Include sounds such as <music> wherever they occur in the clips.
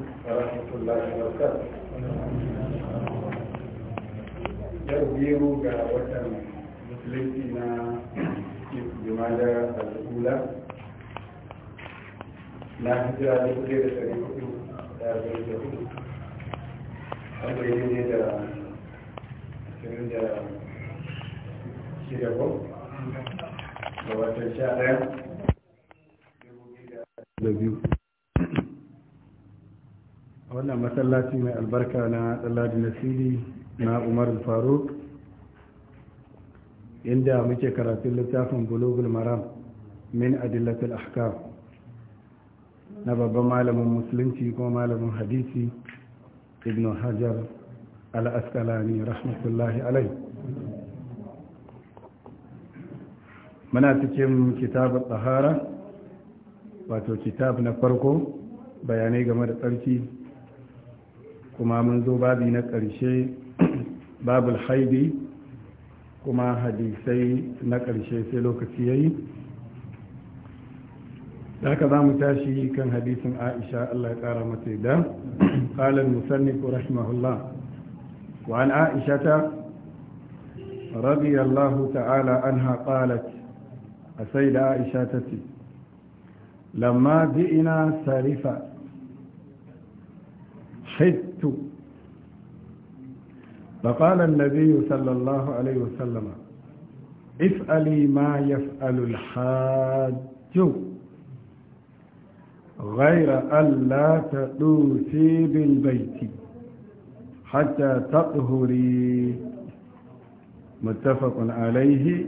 ورحمة الله وبركاته yau biyu ga watan musulunci na jumada al'ula na hijira da kuɗe da tsari kuɗi da zai da kuɗi wanda ya ne da ashirin da shida da watan sha ɗaya da biyu a wannan masallaci mai albarka na na nasiri na umar faruk inda muke karatun littafin bulogul maram min adillatul ahkam na babban malamin musulunci kuma malamin hadisi ibn hajar al-asqalani rahmatullahi alai muna cikin kitabun tsahara wato kitab na farko bayanai game da tsarki kuma mun zo babi na ƙarshe <clears throat> babul haidi kuma hadisai na ƙarshe sai lokaci ya yi haka za mu tashi kan hadisin aisha allah ya ƙara mata da ƙalar <clears throat> musannif rahimahullah wa an aisha ta رضي الله تعالى عنها قالت السيدة عائشة تتي لما جئنا سارفة حت فقال النبي صلى الله عليه وسلم افعلي ما يفعل الحاج غير ألا تدوسي بالبيت حتى تطهري متفق عليه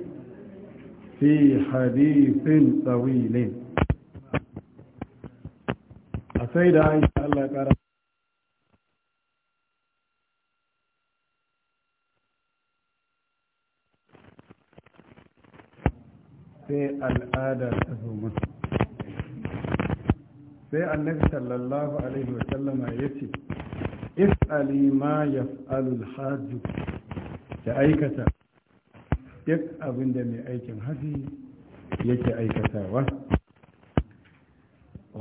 في حديث طويل أسيد عائشة الله قال sai al'ada ta zo musu sai annabi sallallahu alaihi wasallama ya ce is'ali ma yaf'alul hajju ta aikata duk abin da mai aikin haji yake aikatawa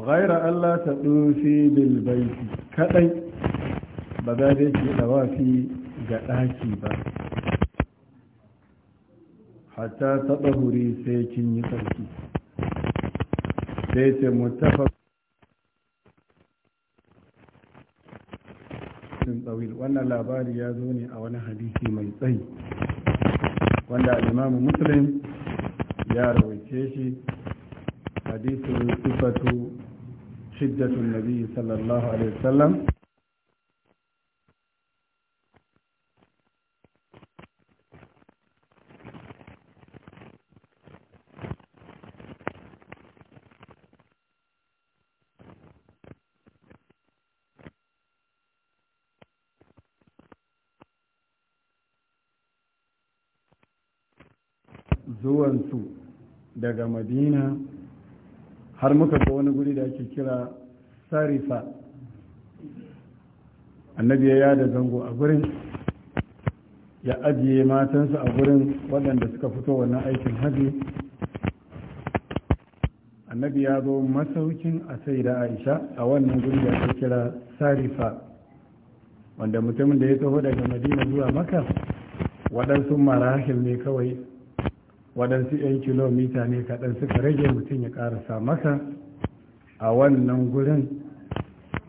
ghaira Allah ta dufi bil baiti kadai ba za da yake dawafi ga ɗaki ba hatta taɓa huri sai kin yi sarki sai ce mutafa wannan labari ya zo ne a wani hadisi mai tsayi wanda al'imamu muslim ya rawaice shi hadisin sifatu shiddatun nabi sallallahu alaihi wasallam daga madina har muka ga wani guri da ake kira sarifa annabi ya yada zango a gurin ya ajiye matansa a gurin waɗanda suka fito wannan aikin haji annabi ya zo masaukin a sai da aisha a wannan guri da ake kira sarifa wanda mutumin da ya taho daga madina zuwa maka waɗansu marahil ne kawai waɗansu 'yan kilomita ne kaɗan suka rage mutum ya ƙarasa masa a wannan gurin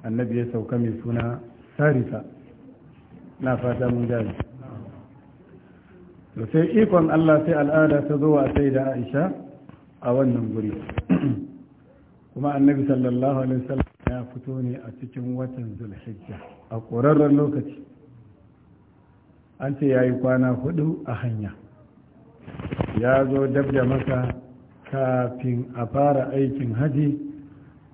annabi ya sauka mai suna sarifa na fata mun gani da sai ikon allah sai al'ada ta zo a sai da aisha a wannan guri <clears throat> kuma annabi sallallahu alaihi wasallam ya fito ne a cikin watan zulhijja a ƙorarren lokaci an ce ya yi kwana hudu a hanya ya zo dab da maka kafin a fara aikin haji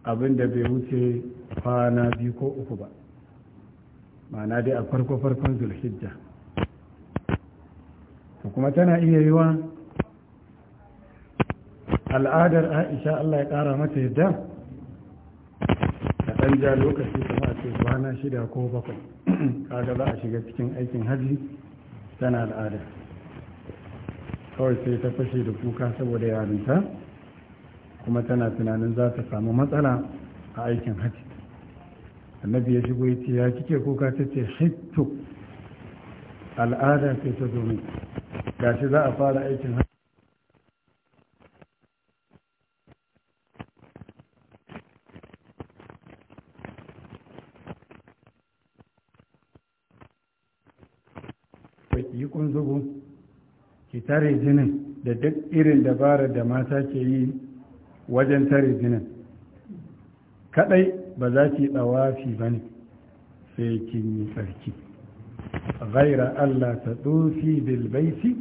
abinda bai wuce kwana biyu ko uku ba ma'ana dai a farko farkon zulhijja kuma tana iya yiwa al'adar aisha allah ya ƙara mata yadda da ɗan ja lokaci kuma a ce kwana shida ko bakwai kaga za a shiga cikin aikin haji tana al'adar kawai sai ta fashe da kuka saboda yarinta kuma tana tunanin za ta samu matsala a aikin hajji annabi ya shigo yace ya kike kuka ta ce hittu al'ada sai ta zo min gashi za a fara aikin hajji yi ki tare jinin da duk irin dabarar da mata ke yi wajen tare jinin kadai ba za ki dawafi ba ne sai kin yi tsarki ghaira Allah ta tsofi bilbaisi.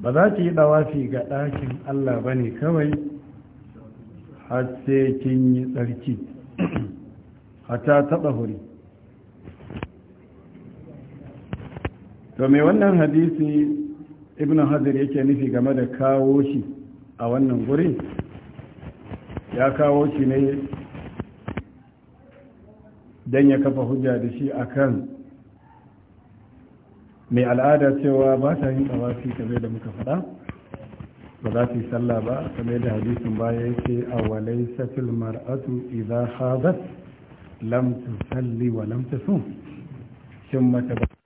ba za ki yi dawafi ga ɗakin Allah ba ne kawai har sai kin yi tsarki hata taɓa huri to mai wannan hadisi ibn hajar yake nufi game da kawo shi a wannan guri ya kawo shi ne don ya kafa hujja da shi akan mai al'ada cewa ba ta yin tsawafi kamar da muka faɗa ba za su yi sallah ba game da hadisin baya yake a walai mar'atu idha hadat lam tusalli wa lam tusum shin mata ba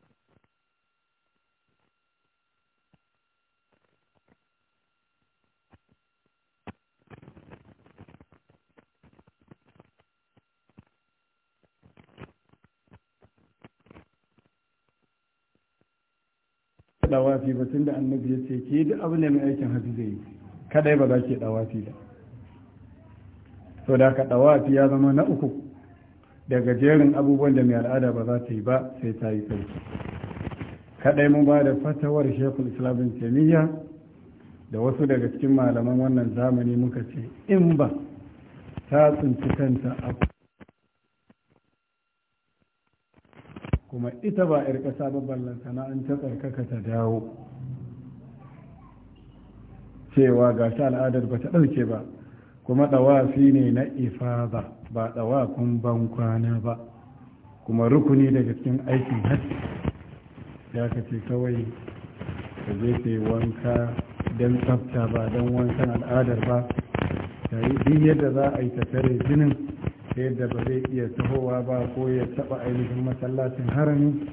dawafi ba tun da annabi ya ce ke duk abin da mai aikin hajji zai yi kadai ba za ke dawafi ba so da ka dawafi ya zama na uku daga jerin abubuwan da mai al'ada ba za ta yi ba sai ta yi sauki kadai mun ba da fatawar shekul islamin taimiyya da wasu daga cikin malaman wannan zamani muka ce in ba ta tsinci kanta a kuma ita ba 'yar ƙasa ba ballan an ta tsarkaka ta dawo cewa ga shi al'adar ba ta ɗauke ba kuma ɗawafi ne na ifa ba ba ban kwana ba kuma rukuni daga cikin aikin hajji ya kace kawai ka je ka wanka don tsafta ba don wankan al'adar ba ta yi yadda za a yi ta tare jinin ta yadda ba zai iya tahowa ba ko ya taba ainihin masallacin harami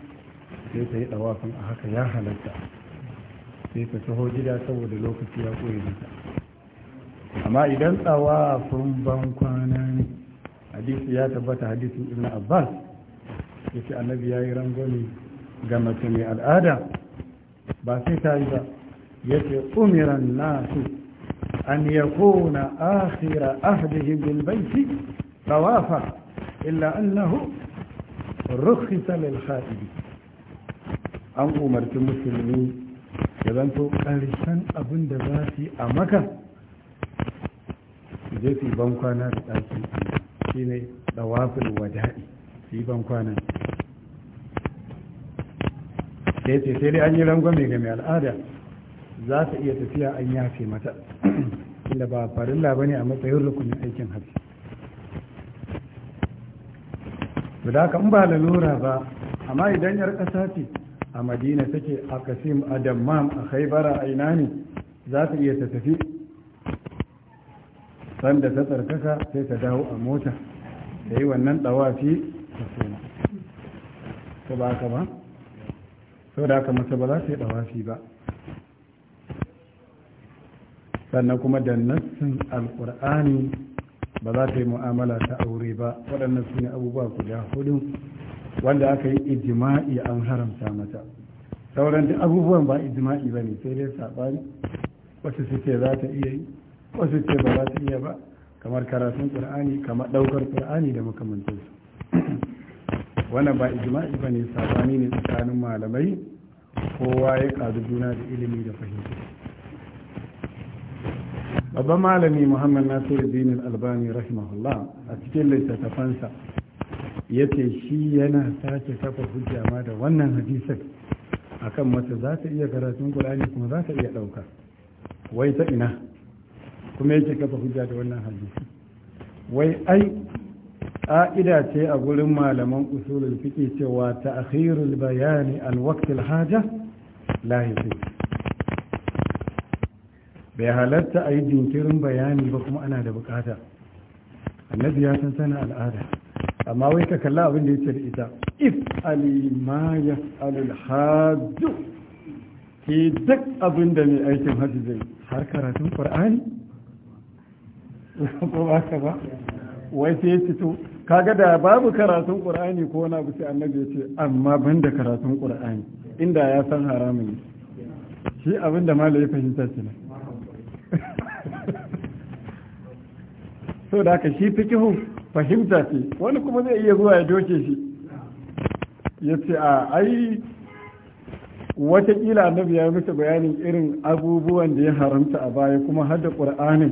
sai ta yi dawafin a haka ya halatta sai ta taho gida saboda lokaci ya koyi mata amma idan tsawafin ban kwana ne hadisi ya tabbata hadisin ibn abbas ya ce annabi ya yi rangoni ga mace mai al'ada ba sai ta yi ba ya ce umiran nasu an yakuna akhira ahdihim bil baiti طوافا إلا أنه رخص للخائب أن أمرت المسلمين يبنتو قرشان أبن دباسي أمكا جيسي بانكوانا بتاكي شيني طواف الودائي في بانكوانا sai sai dai an yi rangwame ga mai al'ada za ta iya tafiya an yafe mata inda ba farilla bane a matsayin rukunin aikin hajji to da in ba lalura ba amma idan yar ƙasa ce a madina take a kasim a dammam a haibara a ina ne za ta iya ta tafi sanda ta tsarkaka sai ta dawo a mota da yi wannan ɗawafi ta suna ta ba ka ba sau da aka mace ba za ta yi dawafi ba sannan kuma da nassin alkur'ani ba za ta yi mu'amala ta aure ba waɗannan su ne abubuwa guda hudu wanda aka yi ijima'i an haramta mata sauran da abubuwan ba ijima'i ba ne sai dai saɓani wasu su ce za ta iya yi wasu ce ba za ta iya ba kamar karatun ƙur'ani kamar ɗaukar ƙur'ani da makamantansu <clears throat> wannan ba ijima'i ba ne saɓani ne tsakanin malamai kowa ya ƙazu juna da ilimi da fahimta Baba malami muhammad nasiru dinin albani rahimahullah a cikin littattafansa ya ce shi yana sake kafa hujja ma da wannan hadisin akan mace za ta iya karatun kur'ani kuma za ta iya ɗauka wai ta ina kuma yake kafa hujja da wannan hadisi wai ai ƙa'ida ce a gurin malaman usulul fiqi cewa ta'khirul bayani al waqtil haja la bai halatta a yi jinkirin bayani ba kuma ana da bukata annabi ya san sana al'ada amma wai ka kalla abin da ya da ita if alima ya alhaju ke duk abin da mai aikin hajji zai har karatun qur'ani <laughs> ko ba ka ba wai sai ya fito kaga da babu karatun qur'ani ko wani abu sai annabi ya ce amma banda karatun qur'ani inda ya san haramun shi abin da malai ya fahimta kenan so da aka shi fikihun fahimta ce wani kuma zai iya zuwa ya doke shi ya ce a ai watakila annabi ya mutu bayanin irin abubuwan da ya haramta a baya kuma har da ƙur'anin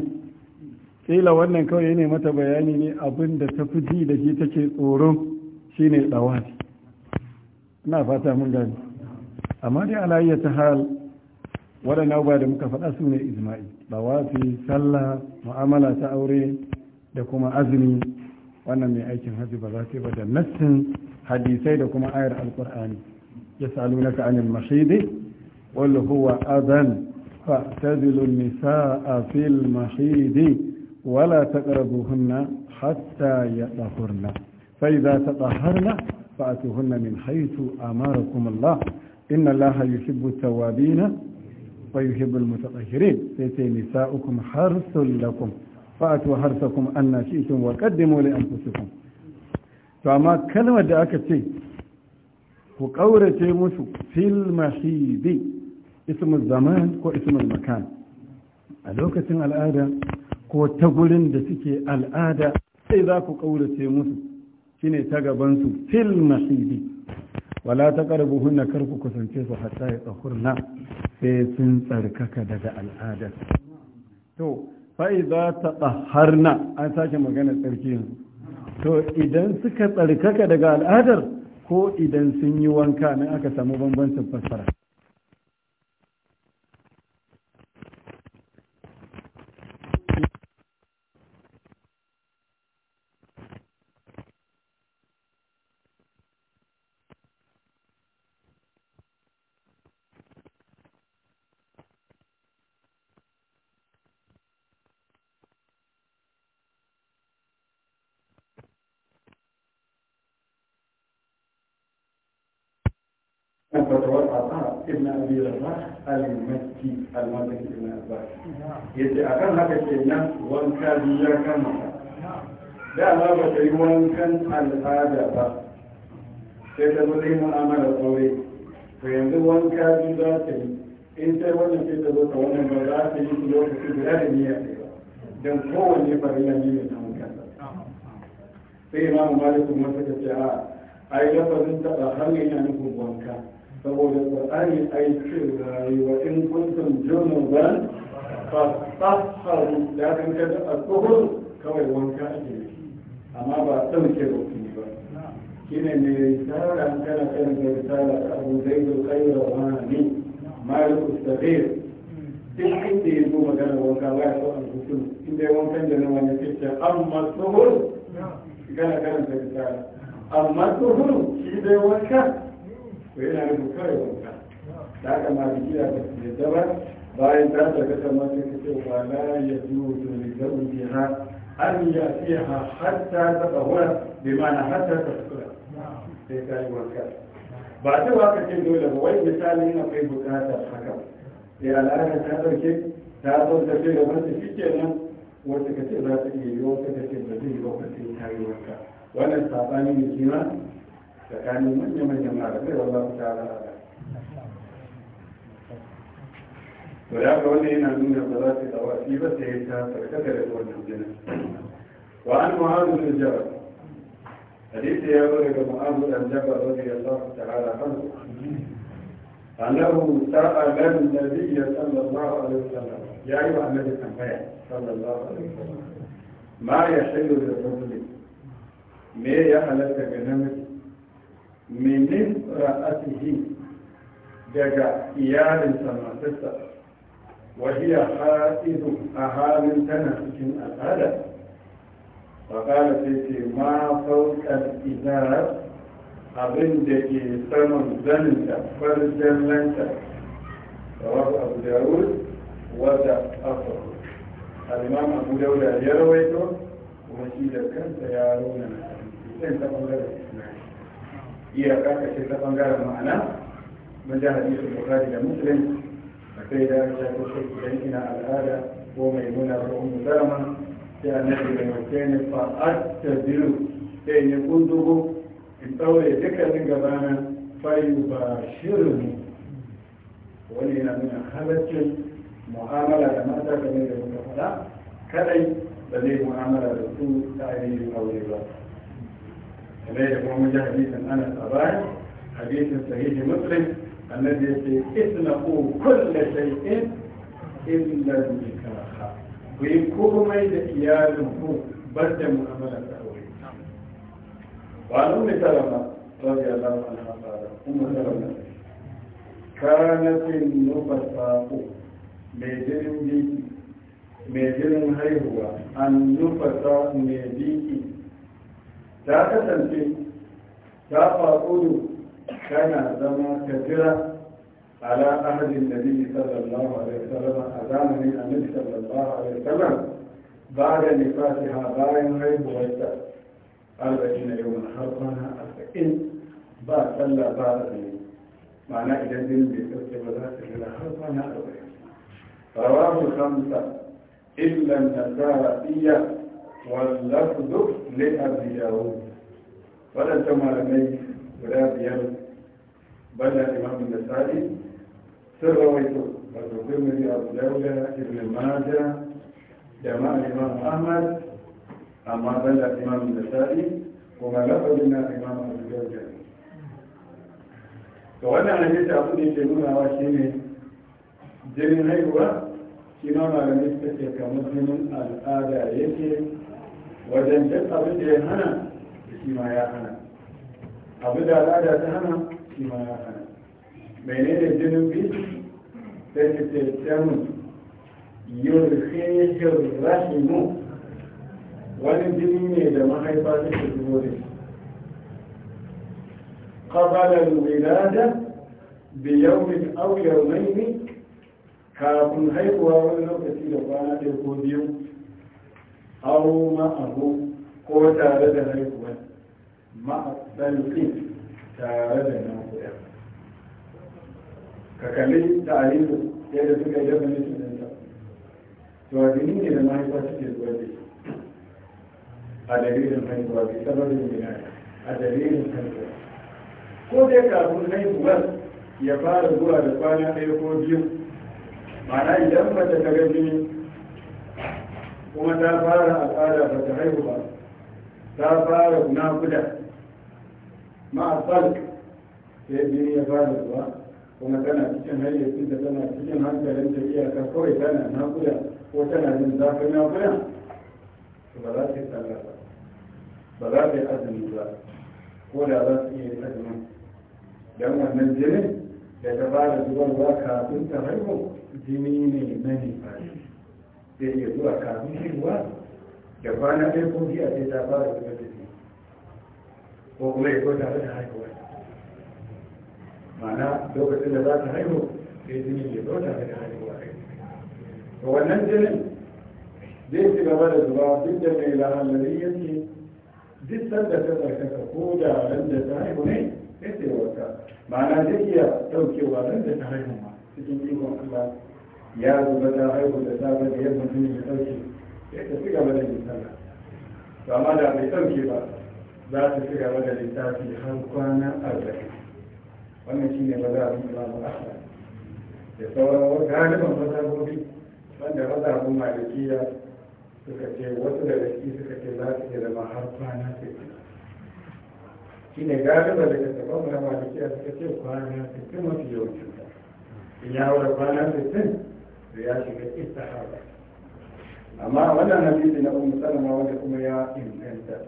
ƙila wannan kawai ne mata bayani ne abin da ta fi ji da shi take tsoro ne ɗawafi ina fata mun gani amma dai alayyata hal waɗanda abubuwa da muka faɗa su ne ijma'i bawafi sallah mu'amala ta aure da kuma azumi wannan mai aikin hajji ba za ta ba da nassin hadisai da kuma ayar alkur'ani ya salu naka anil mashidi wal huwa adan fa tazilu nisaa fil mashidi wala taqrabuhunna hatta yadahurna fa idza tadahharna fa atuhunna min haythu amarakum Allah inna Allah yuhibbu at wa yuhibbul mutatahhirin sai ce nisa'ukum harsul lakum fa'atu harsakum anna shi'tum wa qaddimu li anfusikum to amma kalmar da aka ce ku ƙaurace musu fil mahidi ismul zaman ko ismul makan a lokacin al'ada ko ta gurin da suke al'ada sai za ku ƙaurace musu shine ta gabansu fil mahidi wala ta karbu hunna ku kusance su hatta ya tsakurna sai sun tsarkaka daga al'adar to fa'iza ta tsaharna an sake magana tsarki yanzu to idan suka tsarkaka daga al'adar ko idan sun yi wanka nan aka samu bambancin fassara ibn abi rabah al-makki al-madani ibn abbas yace akan haka kenan wanka biya kan maka da Allah ba ta yi wankan al'ada ba sai ta zo ta mu'amala aure to yanzu wanka biyu za ta yi in sai wannan sai ta zo ta wannan ba za ta yi su lokaci guda da niyya ɗaya don kowanne farilla ne mai samun kansa sai imamu malik kuma suka ce a ai lafazin taɓa har yana nufin wanka saboda qur'ani ai ce rayuwa in kuntum junuban fatahharu da kan kada al-tuhur kawai wanka ake yi amma ba a dauke rokin ba shine ne tsara kana kan da tsara abu zai zaidul khairawani malikul saghir duk inda ya zo magana wanka ba ya so a mutum inda ya wankan da na wani fitta amma tsohon gana karanta da tsara amma tsohon shi dai wanka to yana da kawai wanka da aka ma da gida ba su yadda ba bayan ta daga sama sai ka ce wa la ya juzu li zawjiha an ya fiha hatta mana har ta hatta tasqura sai ta yi wanka ba ta ba ka ce dole ba wai misalin akwai bukatar haka sai al'adar ta dauke ta zo ta ce gaban ta shi kenan wata ka ce za ta iya yi wata ka ce ba zai yi ba ka ta yi wanka wannan sabani ne kima فكان من يمن يمنع ربيه تعالى ولا قولي من الضلات دواسي بس هي سات فكثر الجنة وعن معاذ بن جبل حديث يا ولد معاذ بن جبل رضي الله تعالى عنه انه سال النبي صلى الله عليه وسلم يا ايها النبي صلى الله عليه وسلم ما يحل للرجل ما يحل لك بنمك minin ra'atihi daga iyalinsa matarsa wahiya ha'idu a halin tana cikin al'ada faƙala sai ce ma sauƙar izarar abin da ke saman zaninta farjan lanta da wasu abu dawud wadda afaru al'imam abu dawud ya rawaito kuma shi da kansa ya nuna na kan ta ɓangaren ismail iyaka ka ce ta bangaren ma'ana mun ji hadisin bukari da muslim a kai da aisha ta ce idan ina al'ada ko mai nuna ko mu dama sai annabi da mace ne fa attaziru sai ne kundugo in tsaure dukkanin gabana fayu ba shirin wani yana nuna halaccin mu'amala da mata kamar da muka faɗa kadai ba zai mu'amala da su ta ainihin aure ba kamar da kuma mun ji hadisin Anas a baya hadisin sahihi Muslim annabi yake itlaqu kulli shay'in illa nikaha ku yi komai da iyalin ku bar da mu'amalar aure wa ummi salama radiyallahu anha qala ummu salama kanat nufasaqu mai jirin biki mai jirin haihuwa an nufasa mai biki ta kasance ta faɗo tana zama ta على عهد النبي صلى الله عليه وسلم أذان من النبي صلى الله عليه وسلم بعد نفاتها باين غيب ويتا أربعين يوما حرقنا أربعين با صلى بعد ذلك معنى إذا دين بسرط وذات إلى حرقنا أربعين رواه خمسة إلا النسائية واللفظ لأبي داود فلا سمع لبيك ولا بيان بل الإمام النسائي سر رويته بل يقيم أبو داود ابن ماجه جماع الإمام أحمد أما بل الإمام النسائي وما لفظ لنا الإمام أبو داود وأنا أنا جيت أقول لك أنا أقول لك أنا أقول لك أنا أقول لك أنا أقول لك أنا أقول لك أنا أقول لك أنا أقول لك wajen duk abin da ya hana da shi ma ya hana abin da al'ada ta hana shi ma ya hana ne menene jinin bi sai ta ce damun yurfihir mu? wani jini ne da mahaifa ta ke zuwa da shi qabalar wilada bi yawmin aw yawmayni kafin haihuwa wani lokaci da kwana ɗaya ko biyu ma abu ko tare da haihuwa ma'asalin tare da nakuda ka kalli da alifu yadda suka yi dafa nishin ɗanta to a jini ne da mahaifa suke zuwa da shi a dalilin haihuwa bai sababin na a dalilin haihuwa ko dai kafin haihuwar ya fara zuwa da kwana ɗaya ko biyu ma'ana idan mace ta ga jini kuma ta fara al'ada ba ta haihu ba ta fara nakuda ma'a falk sai jini ya fara zuwa kuma tana cikin hanyar hayyacinta tana cikin hankalin ta iyaka kawai tana na kuda ko tana jin zafin nakuda ba za ta yi sallah ba ba za ta yi azumi ba ko da za su iya azumi don wannan jinin da ta fara zuwa kafin ta haihu jini ne na nifari zai iya zuwa kafin shiruwa da kwana ɗaya ko biya sai ta fara zubar da jini ko kuma ya kota da haihuwa ma'ana lokacin da za ta haihu sai jini ya kota da haihuwa to wannan jinin zai ci gaba da zuba duk da mai lahalari yake duk sanda ta tsarkaka ko da ran da ta haihu ne sai ta yi wata ma'ana zai iya ɗaukewa ran da ta haihu ma cikin ikon Allah ya zuba ta haihu da safe da yamma sun yi ɗauke ya ta ci gaba da misala to amma da bai ɗauke ba za su ci gaba da littafi har kwana arba'in wannan shine ba za a bi ba ba da sauran galiban fasahohi wanda maza masahun malikiya suka ce wasu da ciki suka ce za su iya zama har kwana sittin shine ne galiba da ka taɓa mana malikiya suka ce kwana sittin mafi yawancin in ya haura kwana sittin da ya shiga istihara amma wannan hadisi na ummu salama wanda kuma ya inganta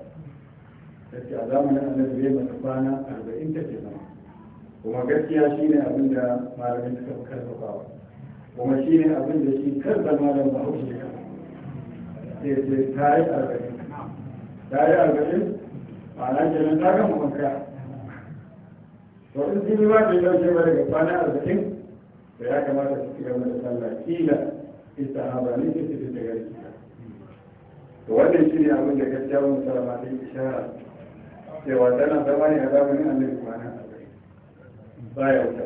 tace a zamanin annabi bai mata kwana arba'in ta zama kuma gaskiya shine abin da malamin suka fi karfafawa kuma shine abin da shi kansa malam bahaushe ya sai ce ta yi arba'in ta yi arba'in ma'ana kenan ta gama wanka to in sun yi ba ta yi ɗauke ba daga kwana arba'in da ya kamata su ci kila istihaba ne ke cikin da gari to wannan shi ne abin da gaskiya wani salama ta yi ishara cewa tana zama ne a kumana annabi kwana baya wuce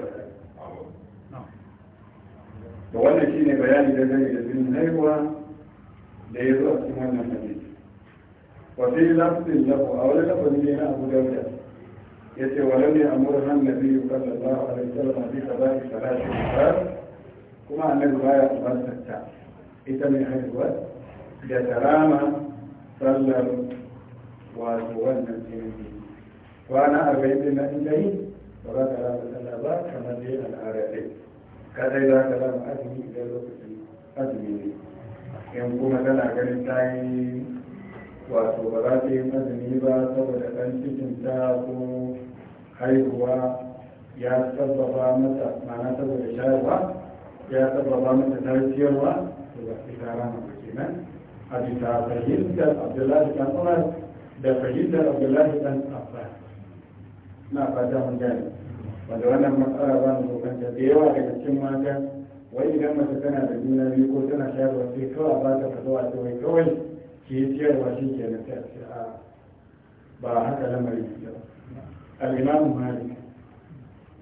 to wannan shi ne bayani da zai da jinin haihuwa da ya zo a cikin wannan hadisi wa sai lafsin lafu a wani lafazin ne na abu dauda yace walam ya amuru han nabi sallallahu alaihi wasallam bi qada'i salati al kuma annabi baya umarta ita mai haihuwa da tarama sallar wato wannan jirgi kwana arba'in din na inda yi ba za ta rama sallah ba kamar dai al'ada dai kadai za ta rama azumi idan lokacin azumi ne yan kuma tana ganin ta yi wato ba za ta yi azumi ba saboda ɗan cikinta ko haihuwa ya sababa mata mana saboda shayarwa ya sababa mata tarciyarwa to ba su tara mata kenan a bisa fahimtar abdullahi dan umar da fahimtar abdullahi dan abbas na fata mun gane wanda wannan matsala ba mu kokanta da yawa daga cikin mata wai idan mace tana da juna biyu ko tana shayarwa sai kawai ba ta fitowa ta wai kawai ki yi ciyarwa shi ke na a ba haka lamarin ya al'imamu malik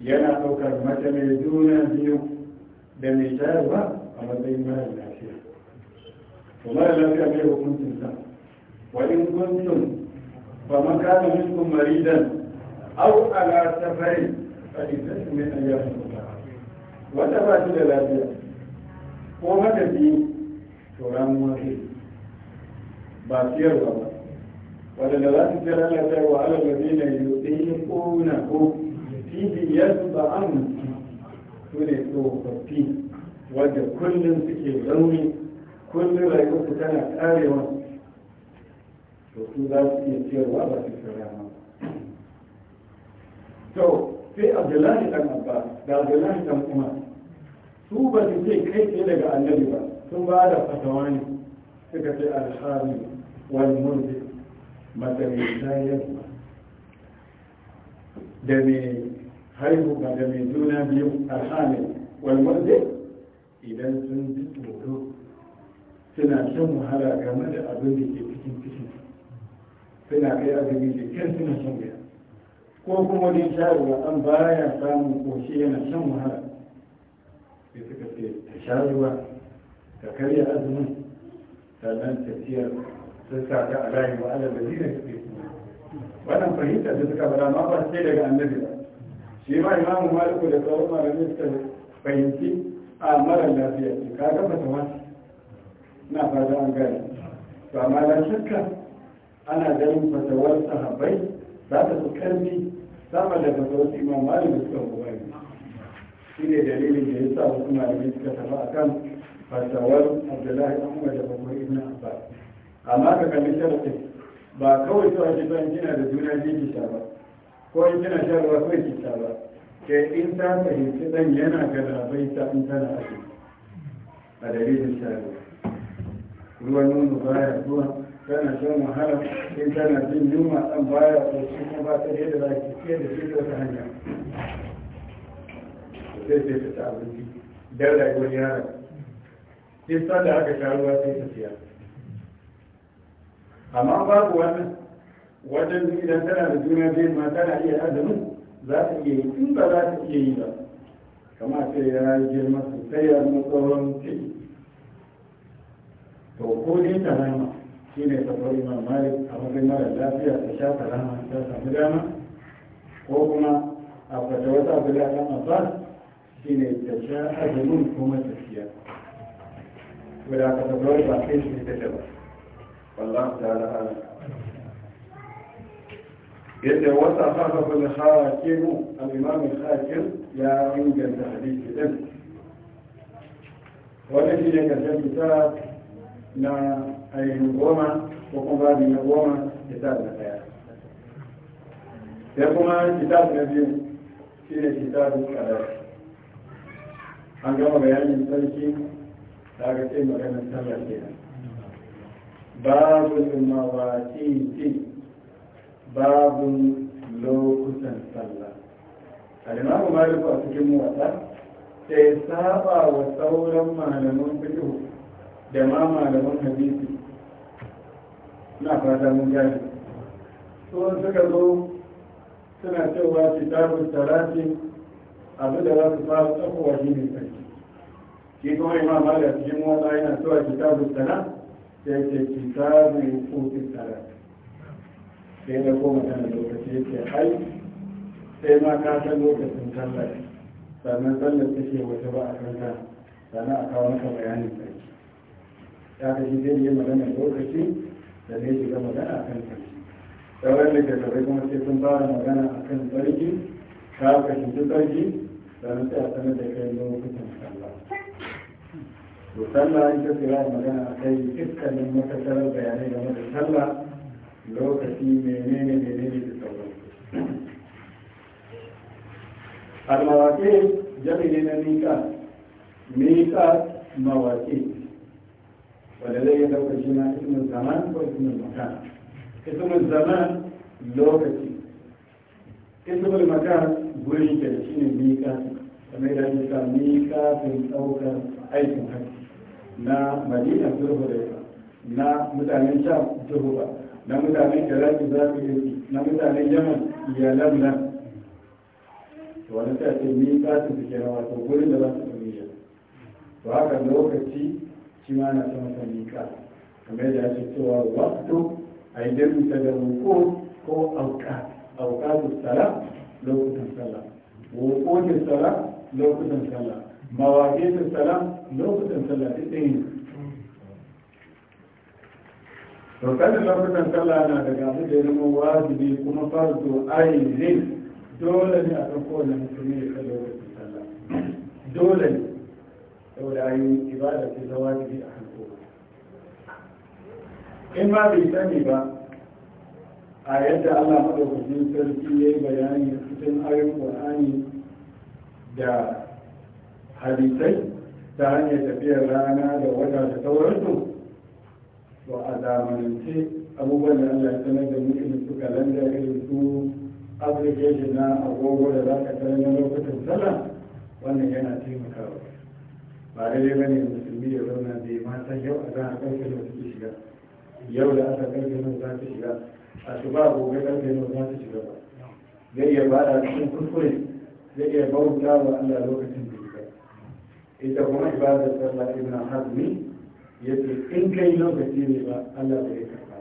yana ɗaukar mace mai juna biyu da mai shayarwa a matsayin mara lafiya to mara lafiya mai hukuncin sa wa in kuntum fa man kana minkum maridan aw ala safarin fa idzatu min ayyamin ukhra wata ba shi da lafiya ko matafi to ramuwa kai ba siyarwa ba wadanda za su siyar Allah na yi wa alal ladina yuqina ko fibi yasba'an su ne tsofaffi wadda kullum suke zaune, kullum rayuwarsu tana karewa to su za su iya siyarwa ba su siyarwa ba to sai abdullahi dan abba da abdullahi dan umar su ba su ce kai tsaye daga annabi ba sun ba da fatawa ne suka ce alhari wani murdi matsayin yamma da mai haihu ba da mai juna biyu alhari wani murdi idan sun ji tsoro suna shan wahala game da abin da ke cikin cikin suna kai azumi da kyan suna shan wuya ko kuma wajen shayarwa an baya samun koshi yana shan wahala sai suka ce ta shayarwa ka karya azumin sannan tafiyar sun sa ta alayi wa ala da zina suke kuma wannan fahimtar da suka fara ma ba sai daga annabi ba shi ma imamu maliku da tsawon malamai suka fahimci a marar lafiya ce ka ga fata wasu na fata an gane ba ma na shakka ana ganin fasawar sahabbai za ta fi karni sama da fatawar imam maliku suka kuma shi ne dalilin da ya sa wasu malamai suka tafi a kansu fatawar abdullahi kuma da bakwai ibn abbas amma ka kalli sharafin ba kawai to ake son kina da juna biyu ki ba ko in kina sha ruwa kawai ki sha ba ke in ta fahimci dan yana ga galabai ta in tana ake a dalilin sha ruwan nono baya zuwa tana shan wahala in tana jin yunwa dan baya ko shi kuma ba ta da za ki da shi ta hanya sai sai ta abinci dan rayuwar yaron sai sa da aka sha ruwa sai ta siya amma babu wannan wajen idan tana da juna biyu ma tana iya azumin za ta iya yi in ba za ta iya yi ba kama ce ya yi girma sosai ya zama tsohon ciki to ko dai ta rama shi ne safar imam malik a matsayin mara lafiya ta sha salama ta samu dama ko kuma a fata wata abu da kan abbas shi ne ta sha azumin kuma tafiya ولا تتبعوا ما فيش مستجاب والله تعالى أعلم يدعو وصفه الحاكم الإمام الحاكم يا إنجل تحديث ذلك ونجد كذلك كتاب na ainihin goma ko kuma babi na goma kitab na daya sai kuma kitab na biyu shi ne kitab kadar an gama bayanin sarki kaga sai maganar sallah kenan babul mawaqiti babu lokutan sallah alimamu maliku a cikin motsa sai saba wa sauran malaman fiqh da ma malaman hadisi na fata mun gani so suka zo suna cewa kitabun salati abu da za su fara tsakowa shi ne sai shi kuma imam malik cikin wata yana cewa kitabun sana sai ce kitabun kofin sana sai na koma tana lokaci yake ai sai ma ka san lokacin sallar sannan sallar take wata ba a kanta sannan a kawo maka bayanin sarki ya ta shi zai yi magana lokaci da zai shiga magana a kan sarki sauran da ke tafi kuma sai sun fara magana a kan sarki ka ka shi sarki sannan sai a sanar da kai lokutan ka to sallah an kace ya magana a kai dukkanin matattarar bayanai game da sallah lokaci menene menene da sauransu almawaƙe jami'i na nika nika mawaƙe wanda zai yi ɗauka shi na ismin zaman ko ismin makan ismin zaman lokaci ismin makan guri ke shi ne nika kamar da nika nika sun ɗaukar aikin hajji na madina zulhulaifa na mutanen sham juhuba na mutanen iraki za su yi na mutanen yaman iyalan nan wani ta ce ni ba su suke na wato gurin da ba su ɗumi ya to haka lokaci shi ma na sama sa miƙa kamar da ake cewa wato a yi jirgin ta da wuko ko auka auka su sala lokutan sala wuko ne sala lokutan sala mawaƙe da salam lokacin sallah duk ɗin to kada lokacin sallah na daga abin da ya zama wajibi kuma farko ainihin dole ne a kan kowane musulmi ya kada lokacin sallah dole ne saboda ayi ibada ce ta wajibi a kan in ma bai sani ba a yadda Allah maɗaukakin sarki ya yi bayani cikin ayin Qur'ani da hadisai ta hanyar tafiyar rana da wata da sauransu to a zamanance abubuwan da Allah ya sanar da mu irin su kalanda irin su application na agogo da za ka sanar na lokutan sallah wannan yana taimakawa ba daidai bane musulmi ya zauna da ma san yau a za a ƙarfe da suke shiga yau da aka ƙarfe nan za su shiga a su ba gobe ƙarfe nan za su shiga ba zai iya bada cikin kuskure zai iya bauta wa Allah lokacin ita kuma ibadar sallah na hazmi ya ce in yi lokaci ne ba allah ya karɓa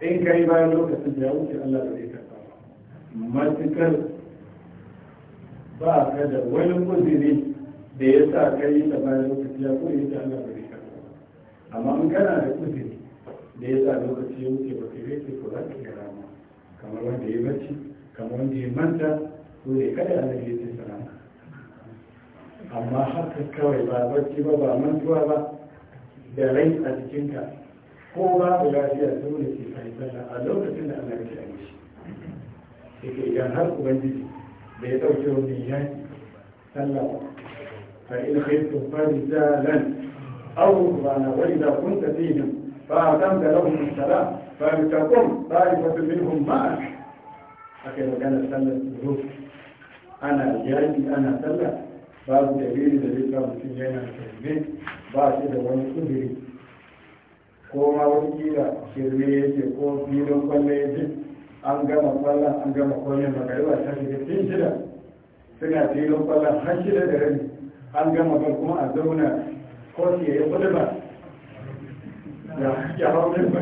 ba in kai bayan lokaci da ya wuce allah ya karɓa ba matukar ba ka da wani kuziri da ya sa ka yi ta bayan lokaci ya ko yi ta allah ya karɓa ba amma in kana da kuziri da ya sa lokaci ya wuce ba ka yi ko za ka kira kamar wanda ya bacci kamar wanda ya manta ko da kada allah ya ce salama اما حتى كوي بابتي بابا من جوابا دلين أتجنك هو بلا يزول في فايتها ألو تتنى أنا مش أميش إكي جانهر أبنجي بيتو جوني يعني سلم فإن خيرت فرزالا أو ربنا وإذا كنت فيهم فأعتمد لهم الصلاة فأمتكم طائفة منهم ما أكي لو كان سلم أنا يعني أنا سلم babu dalili da zai sa mutum yana shirme ba shi da wani kudiri ko ma wani kila shirme yake ko filin kwallo ce an gama kwallo an gama kwallon ba ta shiga tun shida suna filin kwallo har shida da rami an gama ba kuma a zauna ko siya ya kudu ba ya hau min ba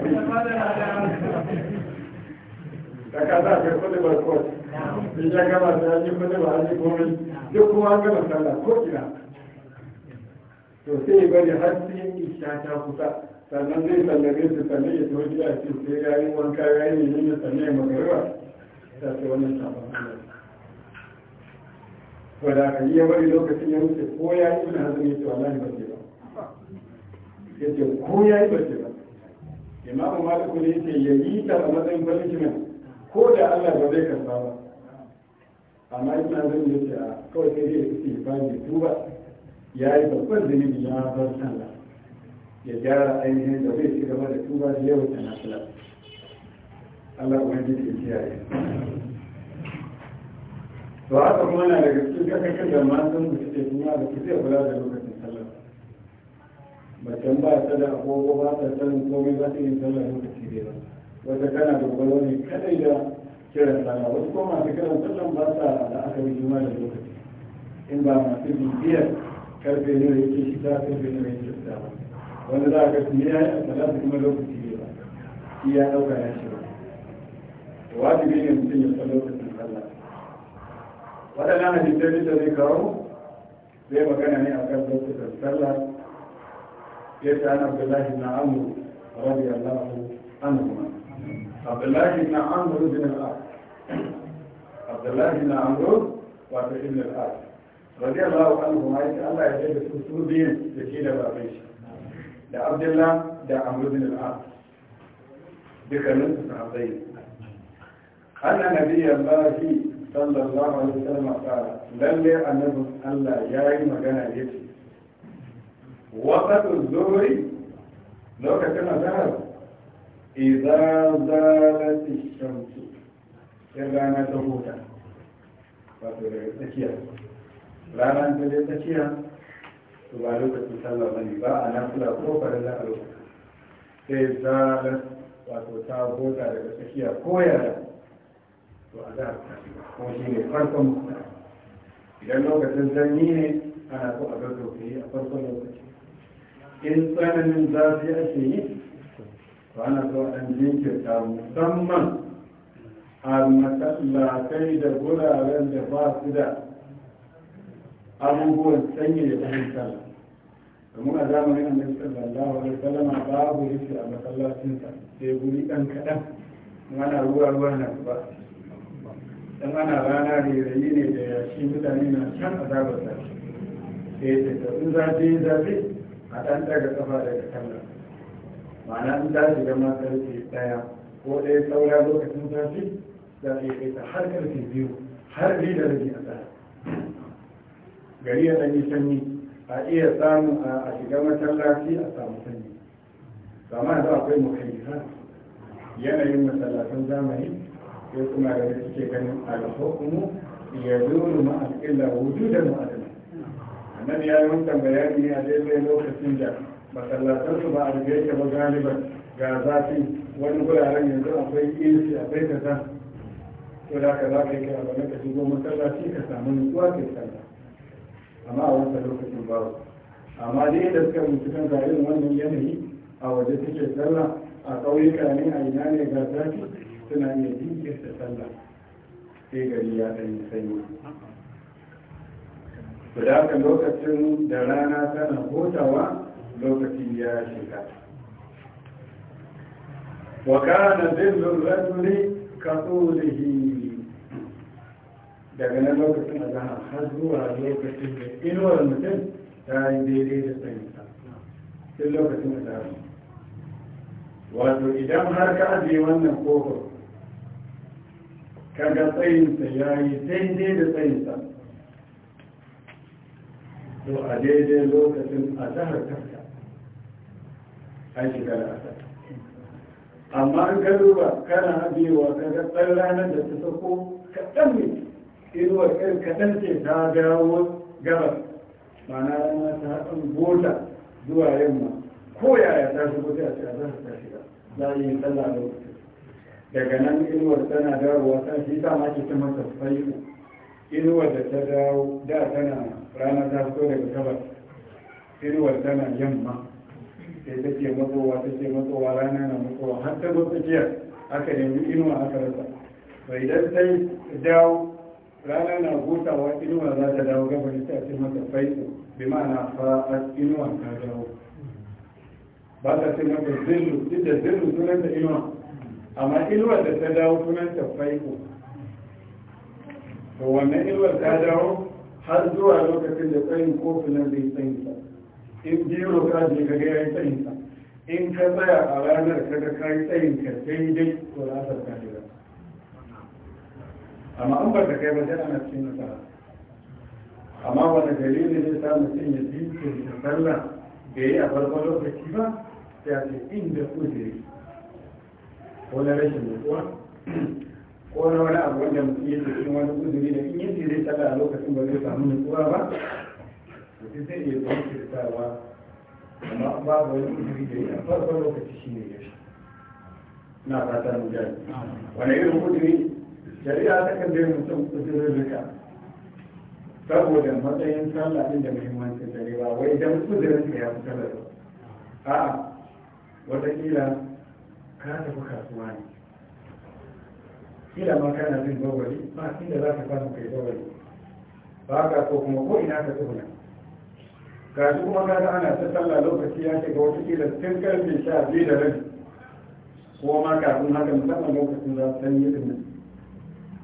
da ka za ka kudu ba kotu in ta gaba da ya ji ba a ji komai duk kuma an gama sallah ko ina to sai ya bari har sai isha ta kusa sannan zai sallame su sannan ya tafi gida ce sai ya yi wanka ya yi ne ne sannan ya magariba ta ce wannan sabon Allah to da ka iya bari lokacin ya wuce ko ya yi wani hazin ya ce wallahi ba ce ba ya ce ko ya yi ba ce ba imamu maliku ne ya ce ya yi ta a matsayin farin ko da Allah ba zai karba ba amma ina zan yi ta kawai sai dai suke ba ni tuba ya yi babban zunubi ya bar sallah ya gyara ainihin da zai ci gaba da tuba da yau ta na nasila Allah ubangiji ya kiyaye to haka kuma na daga cikin kakakin da matan mu suke kuma da kuke kula da lokacin sallah macen ba ta da agogo ba ta sanin komai za ta yi sallah lokaci da ba wata kana da gwalwa ne kadai da kiran sallah wasu kuma masu kiran sallah ba sa da aka yi juma da lokaci in ba masu bibiyar karfe ne yake shi karfe ne yake fita ba wanda za a ga ya yi sallah kuma lokaci ne ba shi ya ɗauka ya shiga. ba wajibi ne mutum ya san lokacin sallah waɗannan hadisai da zai kawo zai magana ne a kan lokacin sallah ya ta ana Abdullahi na Amur radiyallahu anhu عنهما عبد الله بن عمرو بن العاص عبد الله بن عمرو وعبد بن العاص da abdullah da al'ad dukkanin su sallallahu alaihi wasallam tsara. lalle Allah yayi magana yace waqtu lokacin idza zalat ash-shams in rana ta huta wato daga tsakiya rana ta je tsakiya to ba lokacin sallah bane ba a na nafila ko farilla a lokacin sai za a zalat wato ta huta daga tsakiya ko yara to a za ta kuma shi ne farkon mutane idan lokacin sanyi ne ana ko a gaggauta yi a farkon lokaci in tsananin zafi ake yi to ana so an jinkirta musamman a masallatai da wuraren da ba su da abubuwan sanya da kuma sallah domin a zamanin annabi sallallahu alaihi wasallam babu yake a masallacinsa sai guri dan kadan ana ruwa ruwa na ba dan ana rana ne rayi ne da yashi mutane na can a azabar sa sai ta in zafi zafi a dan daga kafa daga sallah ma'ana in ta shiga ma karfe ɗaya ko ɗaya saura lokacin zafi? za a iya kai ta har karfe biyu har biyu da rabi a tsara gari ya ɗan yi sanyi a iya samu a shiga masallaci a samu sanyi Zama da akwai mukayyisa yanayin masallacin zamani sai kuma da suke ganin alhukumu ya zuru ma al'illa wujudan mu'adala annabi ya yi wancan bayani a daidai lokacin da masallatan su ba a rige yake ba galiban ga zafi wani guraren yanzu akwai AC akwai kasa. to da ka za ka yi kira ba ka shigo masallaci ka samu nutsuwa ka yi sallah amma a wancan lokacin ba. amma dai da suka mutu kan zarin wannan yanayi a waje suke sallah a ƙauyuka ne a ina ne ga zafi suna iya da sallah sai gari ya ɗan sanyi Ku da haka lokacin da rana tana hutawa lokacin ya shiga wa kana zillul rajuli ka tsulihi daga nan lokacin azahar har zuwa lokacin da inuwar mutum ta yi daidai da tsayinsa duk lokacin azahar wato idan har ka ajiye wannan kofar ka ga tsayinsa ya yi daidai da tsayinsa to a daidai lokacin a zahar karka an shiga da amma an ka duba kana abiyewa ka ga ɗan ranar da ta sako kaɗan ne inuwa ƙar kaɗan ce ta dawo gabas ma'ana rana ta haɗin bota zuwa yamma ko yaya ta shigo ta a cikin za ta shiga za a yi sallah da wuce daga nan inuwar tana dawowa ta shi ta ma ke ta masa fai'u inuwar da ta dawo da tana rana ta fito daga gabas inuwar tana yamma sai take matsowa take matsowa rana na matsowa har ta zo tsakiyar aka nemi inuwa aka rasa bai dan sai dawo rana na hutawa inuwa za ta dawo gaba ita ce mata faiso bi ma'ana fa'at inuwa ta dawo ba ta ce mata zillu inda da sunan ta inuwa amma inuwa da ta dawo sunan ta faiso to wannan inuwa ta dawo har zuwa lokacin da tsayin nan zai tsayin sa in biro ka je ka ga yayi tsayin sa in ka tsaya a ranar ka ga kai tsayin ka daidai to za ka ka jira amma an ba ta kai ba sai ana cikin nasara amma wani dalili ne sa mutum ya da sallah da yi a farkon lokaci ba sai a ce inda je ko na rashin mutuwa ko na wani abu wanda mutum ya ce cikin wani kuzuri da in yi tsere sallah a lokacin ba zai samu mutuwa ba to sai zai iya zuwa kirtawa amma babu wani uzuri da yana farkon lokaci shi ne ya shi na fata mu wani irin uzuri shari'a ta kan bai mutum uzurin rika saboda matsayin sallah din da muhimmancin da ne ba wai dan uzurin ka ya fi sallah ba a'a wataƙila ka tafi kasuwa ne kila ma kana jin dogari ba inda za ka samu kai dogari ba ka so kuma ko ina ka tuhuna ga shi kuma kaga ana ta sallah lokaci ya shiga wata kila tun karfe sha biyu da rabi ko ma kafin haka musamman lokacin za su san yi din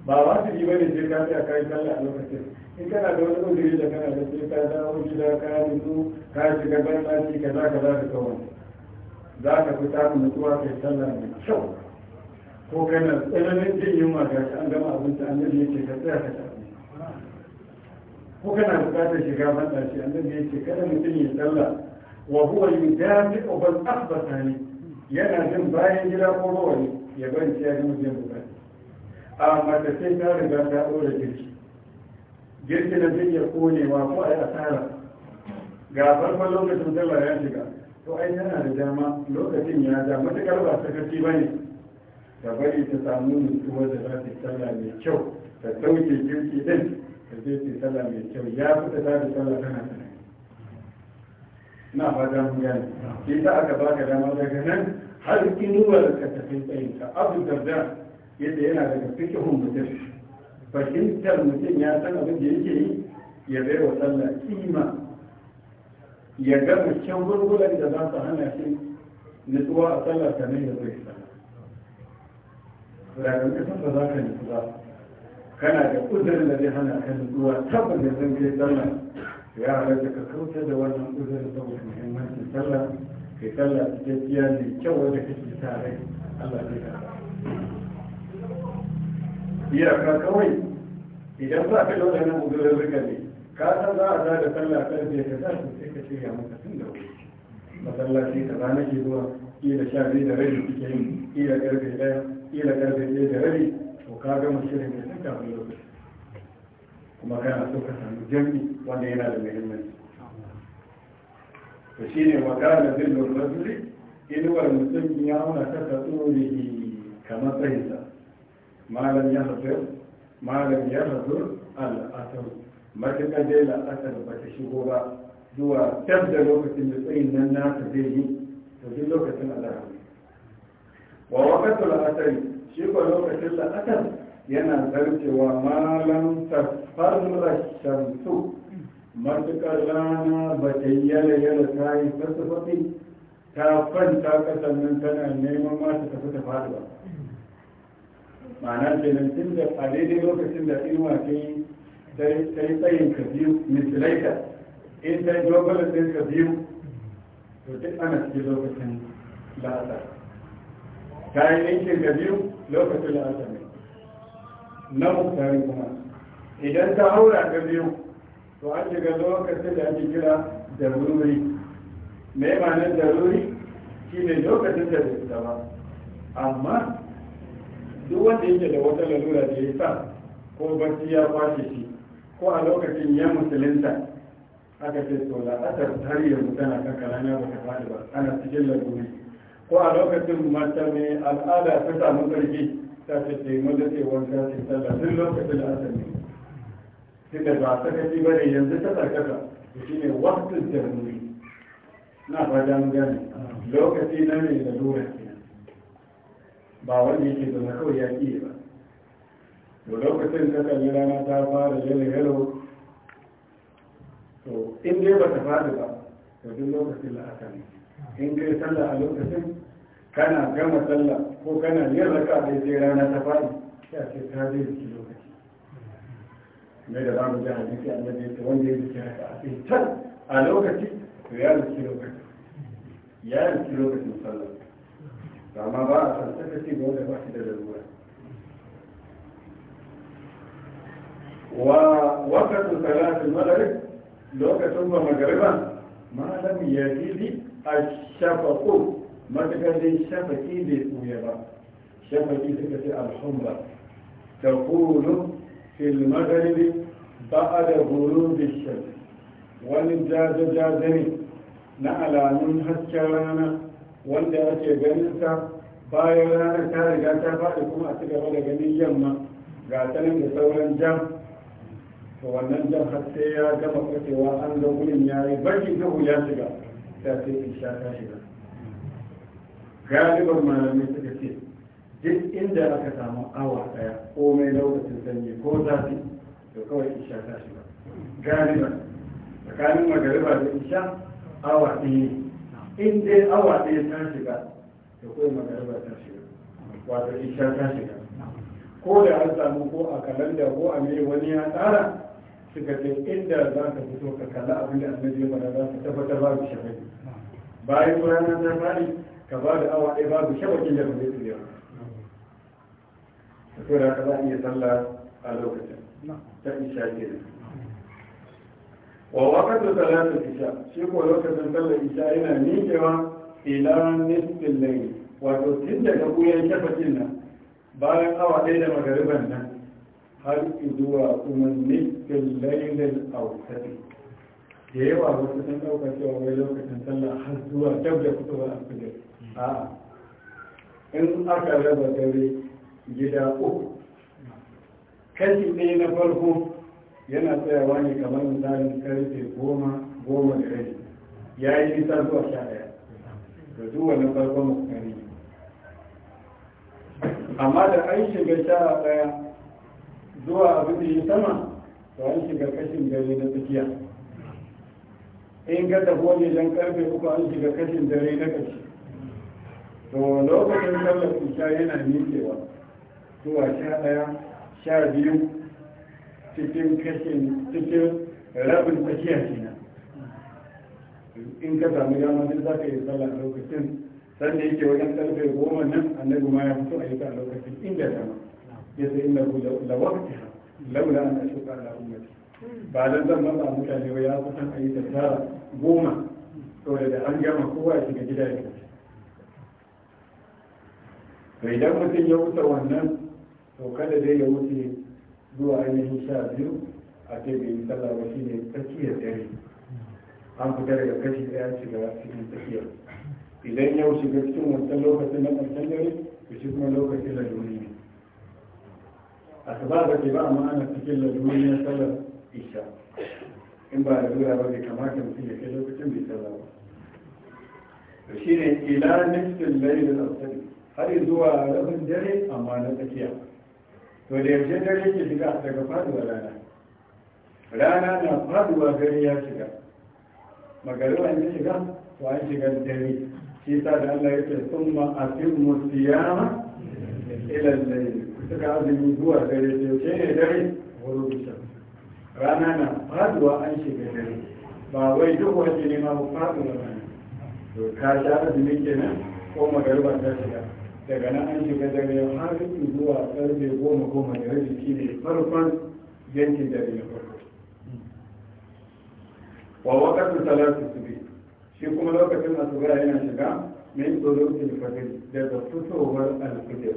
ba wa su yi bane sai ka a kai sallah a lokacin in kana da wani uzuri da kana da sai ka dawo gida ka su ka shiga ban ɗaki ka za ka za ka kawo za ka fi samun nutsuwa kai sallah mai kyau ko kana tsananin jin yunwa ga an gama abinci an yi ne yake ka tsaya ka ko kana bukatar shiga masallaci annabi ya ce kada mutum ya sallah wa huwa yudafi'u bal akhbatani yana jin bayan gida ko rawani ya bari sai ya ga mutum bukata amma da sai ta riga ta dora girki girki na zai iya konewa ko a yi asara ga farkon lokacin sallah ya shiga to ai yana da dama lokacin ya ja matukar ba sakaci ba ne ta bari ta samu mutuwar da za ta sallah mai kyau ta sauke girki din ka ce sallah mai kyau ya fita ta da sallah tana tana na fata mu gane shi sa aka baka dama daga nan har inuwar ka tafi tsayin ka abu darda yadda yana daga fikihun mutum fahimtar mutum ya san abin da yake yi ya bai wa sallah kima ya ga mutum gurgurar da za su hana shi nutsuwa a sallah kamar ya zai sallah. Ragin kasan ba za ka nutsu ba, kana da uzurin da zai hana ka nutsuwa tabbas da zan je sallah to ya halatta ka kauce da wannan uzurin saboda muhimmancin sallah kai sallah cikakkiya mai kyau wanda kake sa rai Allah zai ka iyaka kawai idan ba ka da wannan uzurin rika ne ka san za a da sallah karfe ka za su sai ka ya maka tun da wuri masallaci ka za nake zuwa kila sha biyu da rabi kike yin kila karfe daya kila karfe ɗaya da rabi kaga ga mutum ne sun tafi lokaci kuma kana so ka samu jami wanda yana da muhimmanci to shine wa kana zillu rajuli inuwar mutum ya wuna ta yi kamar tsayinsa malam ya hazo malam ya hazo al'asar matuƙa dai la'asar ba ta shigo ba zuwa tab da lokacin da tsayin nan nasa zai yi to duk lokacin azahar wa wakatul asari shi ba lokacin la'akar yana zarcewa malam tafarra shamsu matuƙar rana ba ta yi yala-yala ta yi fasafafi ta kwanta ƙasar nan tana neman ma ta tafi ta faɗi ba ma'ana kenan tun da a daidai lokacin da inuwa ta yi tsayin ka biyu misilaita in ta yi dogon tsayin ka biyu to duk ana cikin lokacin la'asar ta yi yankin ka biyu lokacin la'asar na mutane kuma idan ta haura ga biyu to an shiga lokacin da ake kira ruri mai ma'anar ruri shi ne lokacin da zai ba amma duk wanda yake da wata lalura da ya sa ko barci ya kwashe shi ko a lokacin ya musulunta aka ce to la'asar har yanzu tana kan kalanya ba ta faɗi ba ana cikin lalura ko a lokacin mata ne al'ada ta samu ƙarfi ta ce ce da ce ta ce sallah duk lokacin asali da ba sakaci bane yanzu ta tsarkaka shi ne wasu jarumi na fata mu lokaci na ne da lura ba wani yake zama kawai ya ƙi ba to lokacin ka kalli rana ta fara yalo yalo to in dai ba ta fara ba to duk lokacin la'akari in kai sallah a lokacin kana gama sallah ko kana yin raka da sai rana ta fadi ya ce ta zai jiki lokaci mai da zamu ji hadisi a ya ta wanda ya jiki raka a sai can a lokaci to ya jiki lokaci ya jiki lokacin sallah amma ba a san ce ga wanda ba shi da lalura wa wakatu salatul maghrib lokacin ba magriba ma lam yazidi a الشفق matakar dai shafaki bai tsuya ba shafaki suka ce alhumba ta kuru fil magharibi ba a da huru bishir wani jajajaja ne na alamun hasken rana wanda ake ganin sa bayan rana ta riga ta faɗi kuma a ci gaba da ganin yamma ga sanin da sauran jam wannan jam har sai ya gama kasewa an ga wurin ya yi baki ta ya shiga ta sai isha ta shiga galibar malamai suka ce duk inda aka samu awa daya mai lokacin sanyi ko zafi to kawai isha ta shiga galibar tsakanin magariba da isha awa ɗaya in dai awa ɗaya ta shiga to kawai magariba ta shiga wato isha ta shiga ko da an samu ko a kalanda ko a mai wani ya tsara suka ce inda za ka fito ka kalli abin da annabi ya faɗa za ka tabbatar babu shafaki bayan rana ta faɗi ka ba da awa ɗaya babu shafakin da ba zai tsira ta so da ka za a iya sallah a lokacin ta isha kenan wa waƙatu ta isha shi ko lokacin sallar isha yana miƙewa ila nisfin laili wato tun daga buyan shafakin nan bayan awa ɗaya da magariban nan har zuwa umarnin lailin autari da yawa wasu sun ɗauka cewa wai lokacin sallah har zuwa dab da kusa a fidar a in aka raba dare gida uku kashi ɗaya na farko yana tsayawa ne kamar misalin karfe goma goma da rai ya yi nisa zuwa sha ɗaya da zuwa na farkon mutane amma da an shiga sha ɗaya zuwa a da yi sama to an shiga kashin dare na tsakiya in ka tafi wani don karfe uku an shiga kashin dare na kashi to lokacin sallar isha yana miƙewa zuwa sha ɗaya sha biyu cikin kashin cikin rabin tsakiya kenan in ka samu dama duk za ka yi a lokacin sanda yake wajen karfe goma nan annabi ma ya fito a yi ta lokacin inda sama. yace innahu lawaqtaha laula an ashuqa ala ummati ba dan zan matsa mutane ba ya kusan ayi tattara goma saboda da an gama kowa ya shiga gida ya to idan mutum ya wuce wannan to kada dai ya wuce zuwa ainihin sha biyu a ce bai yi sallah ba shine tsakiyar dare an fita daga kashi daya shiga cikin tsakiyar idan ya wuce cikin wancan lokacin na ƙarshen dare to shi kuma lokacin da duniya asuba ba ke ba a ana cikin laluriyar sallar isha in ba da lura ba bai kamata mutum ya kai lokacin bai sallah ba to shi ne ila nisfin lailin asali har zuwa rabin dare amma na tsakiya to da yaushe dare ke shiga daga faduwa rana rana na faduwa gari ya shiga magariba in shiga to an shiga dare shi sa da Allah ya ce sun siyama ila al-layl suka azumi zuwa dare ce ne dare horo bisa rana na faduwa an shiga dare ba wai duk wace ne ma faduwa rana to ka sha azumi kenan ko magariba ta shiga daga nan an shiga dare har zuwa karfe goma goma da rabi shi ne farkon yankin dare na farko wa wakatun salatu bi shi kuma lokacin masu asuba yana shiga min tsoro tilfatir daga fitowar alfijir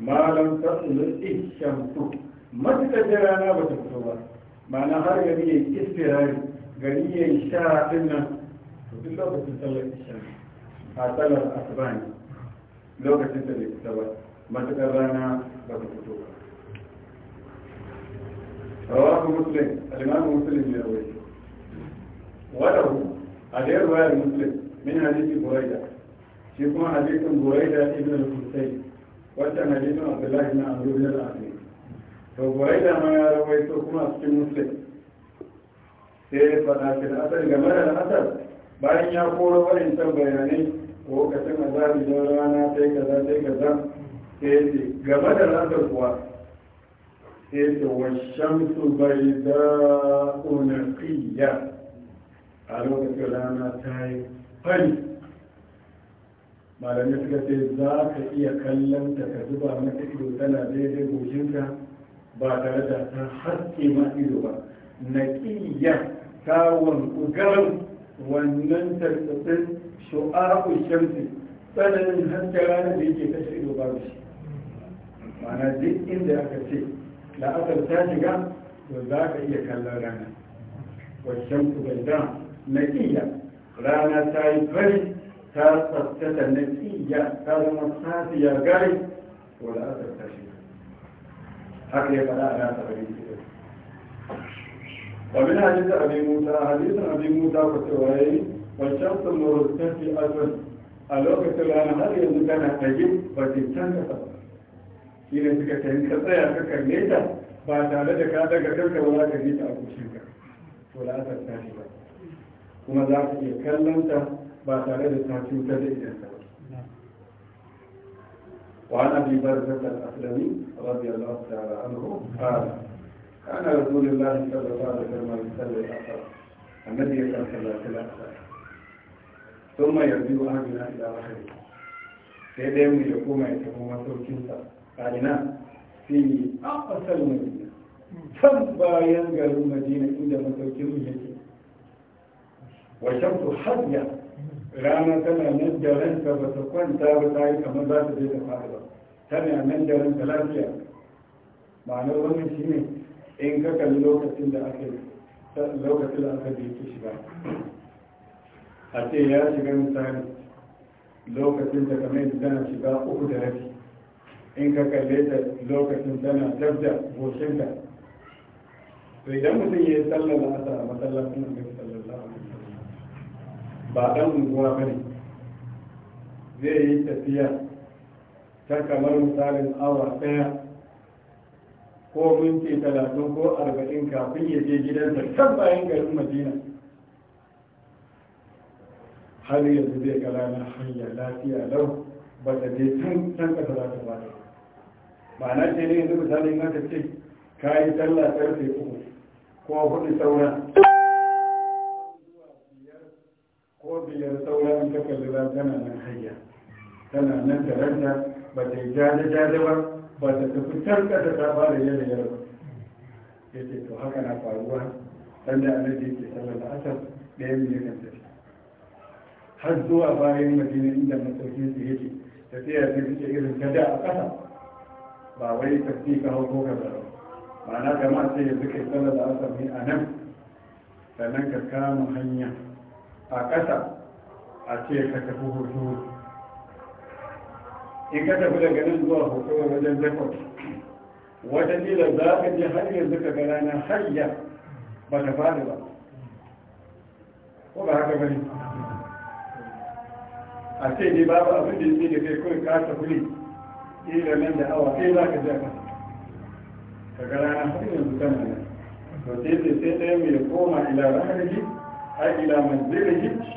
malam ta'ulun ishamsu matuƙar da rana ba ta fito ba ma'ana har gari ya yi istirari gari ya yi sha ɗin nan to duk lokacin sallar isha a sallar asuba ne lokacin da bai fita ba matuƙar rana ba ta fito ba rawahu muslim al-imamu muslim ya rawaito walahu a da yarwa muslim min hadisi buraida shi kuma hadisin buraida ibn al-husayn wata hadisin abdullahi na amru na al'adu to burai da ma ya rawaito kuma a cikin muslim sai ya faɗa fil asar game da asar bayan ya koro waɗancan bayanai lokacin azabi don rana sai kaza sai kaza sai ya ce game da asar kuwa sai ya ce wa shamsu bai da unaqiya a lokacin rana ta yi fari malamai suka ce za ka iya kallon ta ka zuba mata ido tana daidai goshinka ba tare da ta haske ma ido ba na ƙiyya ta wanku garin wannan tartsatsin shu'a'u shamsi tsananin haske ranar da yake kashe ido ba shi ma'ana duk inda aka ce la'asar ta shiga to za ka iya kallon rana wasu shamsu bai da na ƙiyya rana ta yi fari ta tsaftata na tsiya ta zama safiya gari wala a tsaftace haka ya fada a nasa bari ومن حديث أبي موسى حديث أبي موسى فتوهي والشمس المرتفع أسود الوقت الآن ke يمكن أجيب وتنتهي shi ne suka tayin ka tsaya ka kalle ta ba tare da ka daga kanka ba za ka ji ta a kushinka to la'asar ta shi ba kuma za ka iya kallon ta ba tare da ta cutar da idan ba وعن ابي برزه الاسلمي رضي الله تعالى عنه قال كان رسول الله صلى الله عليه وسلم يصلي الاثر النبي صلى الله عليه وسلم ثم يرجو اهلنا الى اخره sai dai mu ya koma ya tafi masaukinsa a ina fi a asal madina can bayan garin madina inda masaukin mu yake wa shamsu hadiya rana tana nan da ranta ba ta kwanta ba ta yi kamar za ta je ta fara ba tana nan da ranta lafiya ma'ana wani shi ne in ka kalli lokacin da aka lokacin da aka yake shiga a ce ya shiga misali lokacin da kamar yadda tana shiga uku da rafi in ka kalle ta lokacin tana dabda goshinta to idan mutum ya yi sallama a sa masallacin da nan ba ɗan unguwa ba ne zai yi tafiya ta kamar misalin awa ɗaya ko minti talatin ko arba'in kafin ya je gidansa kan bayan garin madina har yanzu zai ga ranar hanya lafiya lau ba ta je can can ka za ta bada na ce ne yanzu misalin na ta ce ka yi sallah ƙarfe uku ko hudu saura kaddara tana nan hanya tana nan da ranta ba ta yi jaje-jaje ba ba ta tafi tarkata ta ba da yadda yadda ya ce to haka na faruwa ɗan da annabi yake sallar da asar da ya miye kan tafi har zuwa bayan madina inda masaukin su yake tafiya ta fice irin ta da a ƙasa ba wai tafi ka hau ko ka zaro ma'ana kamar sai yanzu kai sallar da asar ne a nan sannan ka kama hanya a ƙasa a ce ka tafi hoto in ka tafi daga nan zuwa hoto wajen jakon watakila za ka je har yanzu ka ga na hayya ba ta faɗi ba ko ba haka bane a ce ne babu abin da yake da kai kawai ka tafi ne ila nan da awa kai za ka je ka ka ga rana har yanzu tana nan to sai sai ɗaya mai koma ila raharihi ai ila manzilihi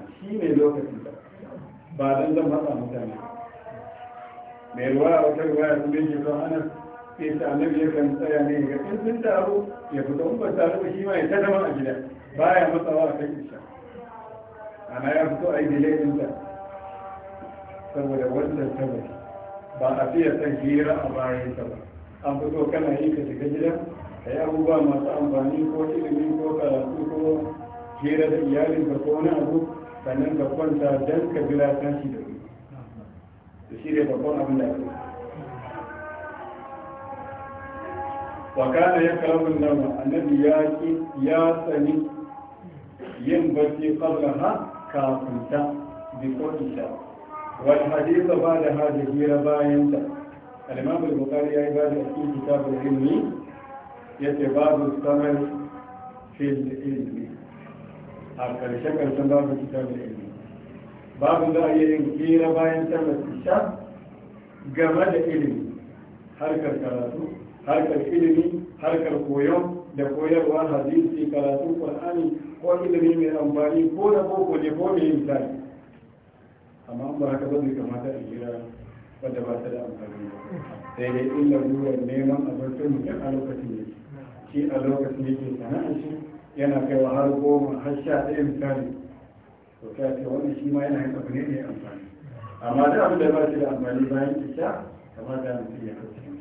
shi ne lokaci ba don zan matsa mutane mai ruwa a wata ruwa ya kuma yake son ana ke ta annabi ya kan tsaya ne ga ɗin sun taru ya fita in ba taru shi ma ya ta zama a gida Ba ya matsawa a kan isha ana ya fito a yi delay ɗinta saboda wancan tabbas ba a fiye ta hira a bayan ta ba an fito kana yi ka shiga gida ka yi abubuwa masu amfani ko ilimi ko karatu ko hira da iyalin ka ko wani abu sannan ka kwanta don ka jira tashi da wuri da shi ne babban abin da ake wakana ya karamin nama annabi ya ki ya tsani yin barci kabla ha kafin ta before isha wal hadisa ba da ha da hira bayan ta al-imam al-bukhari ya yi ba da cikin kitabul ilmi yace babu samar fil ilmi a ƙarshe ƙarshen babu da ilmi babu za a yi yin kira bayan sallar isha game da ilimi harkar karatu harkar ilimi harkar koyon da koyarwa hadisi karatu qur'ani ko ilimi mai amfani ko da boko ne ko mai misali amma ba haka ba zai kamata a hira wadda ba ta da amfani ba sai dai illa ruwan neman abincin mutum a lokacin ne shi a lokacin yake sana'a shi yana kaiwa har goma har sha ɗaya misali to ta ce wani shi ma yana yin abu ne mai amfani amma da abin da ba shi da amfani bayan sha kamar da mutum ya kauce shi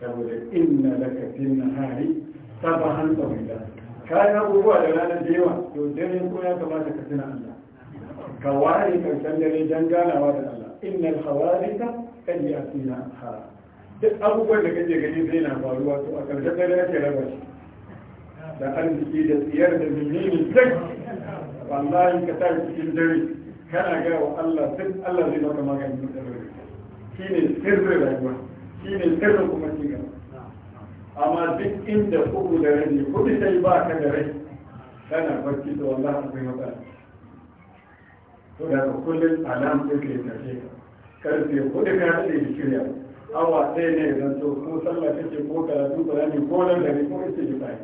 saboda inna laka fil nahari sabahan tawila kayan abubuwa da ranar da yawa to dare ko ya kamata ka tuna Allah ka ware karshen dare dan ganawa da Allah innal hawarika kan yatina ha duk abubuwan da kake gani zai na faruwa to a karshen dare ake raba shi da arziki da tsiyar da menene duk wallahi ka tashi cikin dare kana ga wa Allah duk Allah zai maka magani da dare shine sirrin rayuwa shine sirrin kuma ga. amma duk inda kuku da rai kudi sai ba ka da rai kana barci da wallahi akwai matsala to da kullum alam sai ke tafi karfe kudi ka da shirya awa ɗaya ne zan so ko sallah kake ko karatu ko ko nan da ko istighfar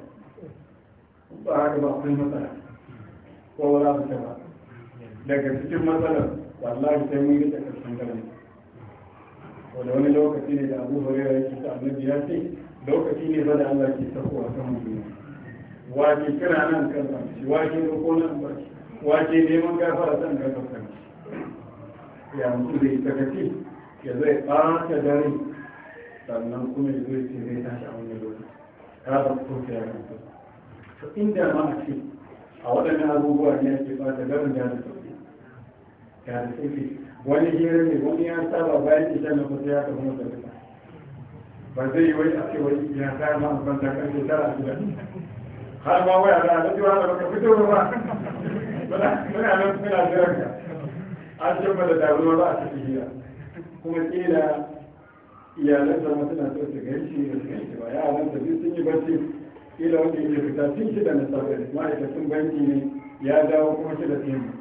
ba haka ba akwai matsala ko wala ba ta ba daga cikin matsalar wallahi sai mun yi da karshen garin ko da wani lokaci ne da abu hore ya ce annabi ya ce lokaci ne ba da Allah ke a kan mu wace kira nan kan shi wace ko nan ba shi wace neman gafara san kan kan ya mutu zai ta sakaci ya zai ɓata dare sannan kuma ya zai ce zai tashi a wani lokaci kada ku ya kan to inda ma a ce a waɗannan abubuwa ne ake ba ta gaban da da sauki da da sauki wani hira ne wani ya saba bayan ita na kusa ya kama da duka ba zai yi wai a ce wai ya sa ma a kwanta karfe tara a gida har ma waya da alaji wa da baka fito ba muna nan suna jiran ka an ce ba da damuwa ba a cikin hira kuma kila iyalan zama suna so su gaishe da su gaishe ba ya alaƙa sun yi barci kila wanda yake fita tun shida na safe ma'aikacin banki ne ya dawo kuma shi da tun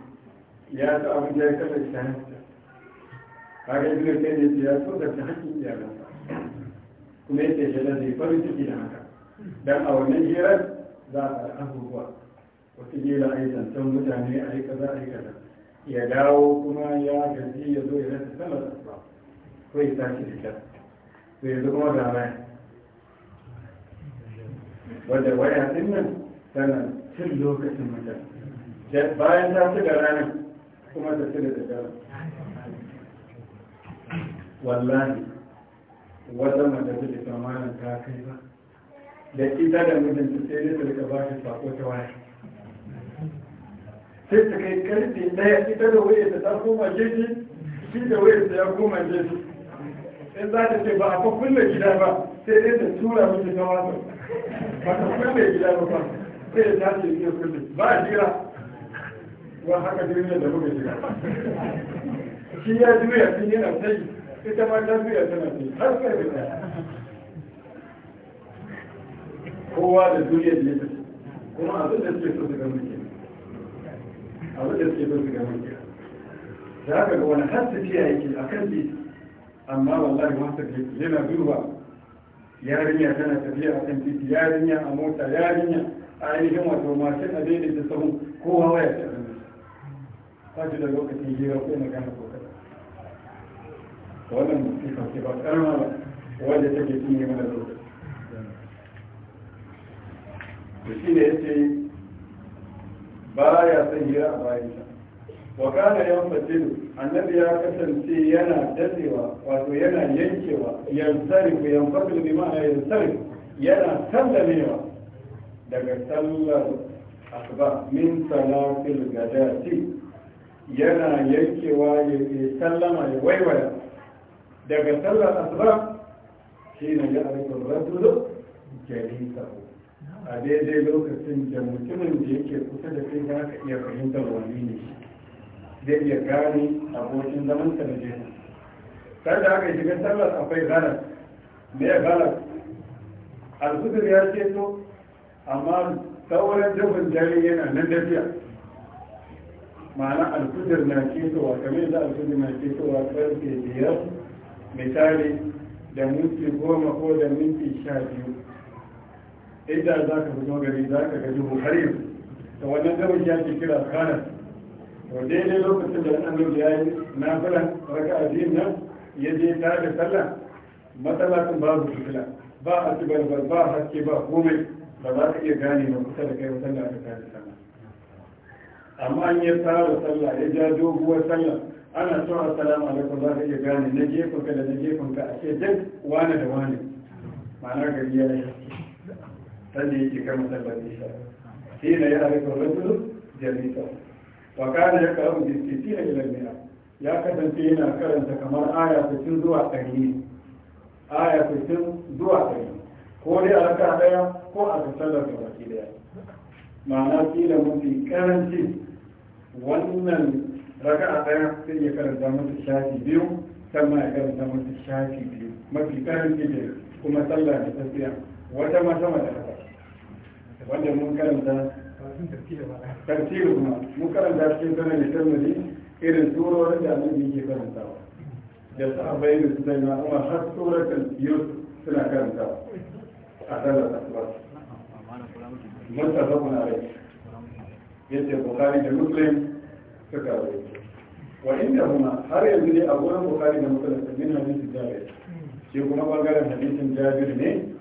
ya ta abin da ya kasa ita hanta kaga ibnu kayyim ya tsotsa ta hakkin iyalansa kuma ya yake shaida zai farin ciki da haka dan a wannan hirar za a tsara abubuwa wata jela a yi zancen mutane a yi kaza a yi kaza ya dawo kuma ya gaji ya zo ya rasa sallar asuba ko ya tashi da kyau to yanzu kuma ga baya wadda waya din nan tana cin lokacin da bayan ta ci ranar kuma ta ci da daddare wallahi wata mata ta ci tsammanin ta kai ba da ita da mijinta sai ne ta ba shi sako ta waya sai ta kai karfe daya ita da wayar ta koma jeji shi da wayar ta ya koma jeji in za ta ce ba a fa kulle gida ba sai dai ta tura mata ta wasu ba ta kulle gida ba fa sai ya tashi ya kulle ba a jira wa haka duniya da muka jira shi ya juya shi yana sai ita ma ta juya tana sai har sai da kowa da duniya da ya tafi kuma abin da suke so su ga muke abin da suke so su ga muke za ka ga wani har tafiya ke a kan amma wallahi wasu yana duba yarinya tana tafiya a kan titi yarinya a mota yarinya a ainihin wato mashin a daidai da sahun kowa waya ta zama ba shi da lokacin hira ko magana ko kada wannan musifa ke ba karama ba wanda take cinye mana lokaci to shi ne ya ce ba ya son hira a bayan wa kana yan fatilu annabi ya kasance yana dadewa wato yana yankewa yansarifu yanfatilu bi ma'ana yansari yana sallamewa daga sallar asuba min salatil gadati yana yankewa ya sallama ya waiwaya daga sallar asuba shi ne ya arzikin rajulu jalisa a daidai lokacin da mutumin da yake kusa da kai za ka iya fahimtar wani ne shi zai iya gane abokin zaman sa da jini tare da aka shiga sallar akwai galas me ya galas alkudur ya ce to amma sauran jabin jari yana nan dafiya ma'ana alkudur na ketowa kamar yadda alkudur na ketowa karfe biyar misali da minti goma ko da minti sha biyu idan za ka fito gari za ka gaji har yanzu wannan gabashi ya ce kira kanar to daidai lokacin da annabi ya yi na nafilan raka'a biyun nan ya je ta da sallah masallacin babu fitila ba a ci balbal ba haske ba komai ba za ka iya gane ba kusa da kai wa sallah aka tashi sallah amma an yi tsara sallah ya ja doguwar sallah ana cewa assalamu alaikum za ka iya gane na gefen ka da na gefen ka a ce duk wane da wane ma'ana gari ya yi sannan ke kama sallah nisa sai na yi alaikar rajulu jalisa wa kana ya karu bi sittina ila mi'a ya kasance yana karanta kamar aya 60 zuwa 100 ne aya 60 zuwa 100 ko dai a raka daya ko a sallar da baki daya ma'ana kila mafi karanci wannan raka a daya sai ya karanta masa shafi biyu sannan ya karanta masa shafi biyu mafi karanci da kuma sallah da tafiya wata ma sama da haka wanda mun karanta tafsir kuma mun karanta cikin sanar da tarmari irin surorin da annabi yake karantawa da sahabbai da su zai ma kuma har surorin yusuf suna karanta karantawa a sallar asuwa mutasa kuna rai yace bukari da muslim suka rai wa inda kuma har yanzu ne a gurin bukari da muslim min hadisin jabir shi kuma bangaren hadisin jabir ne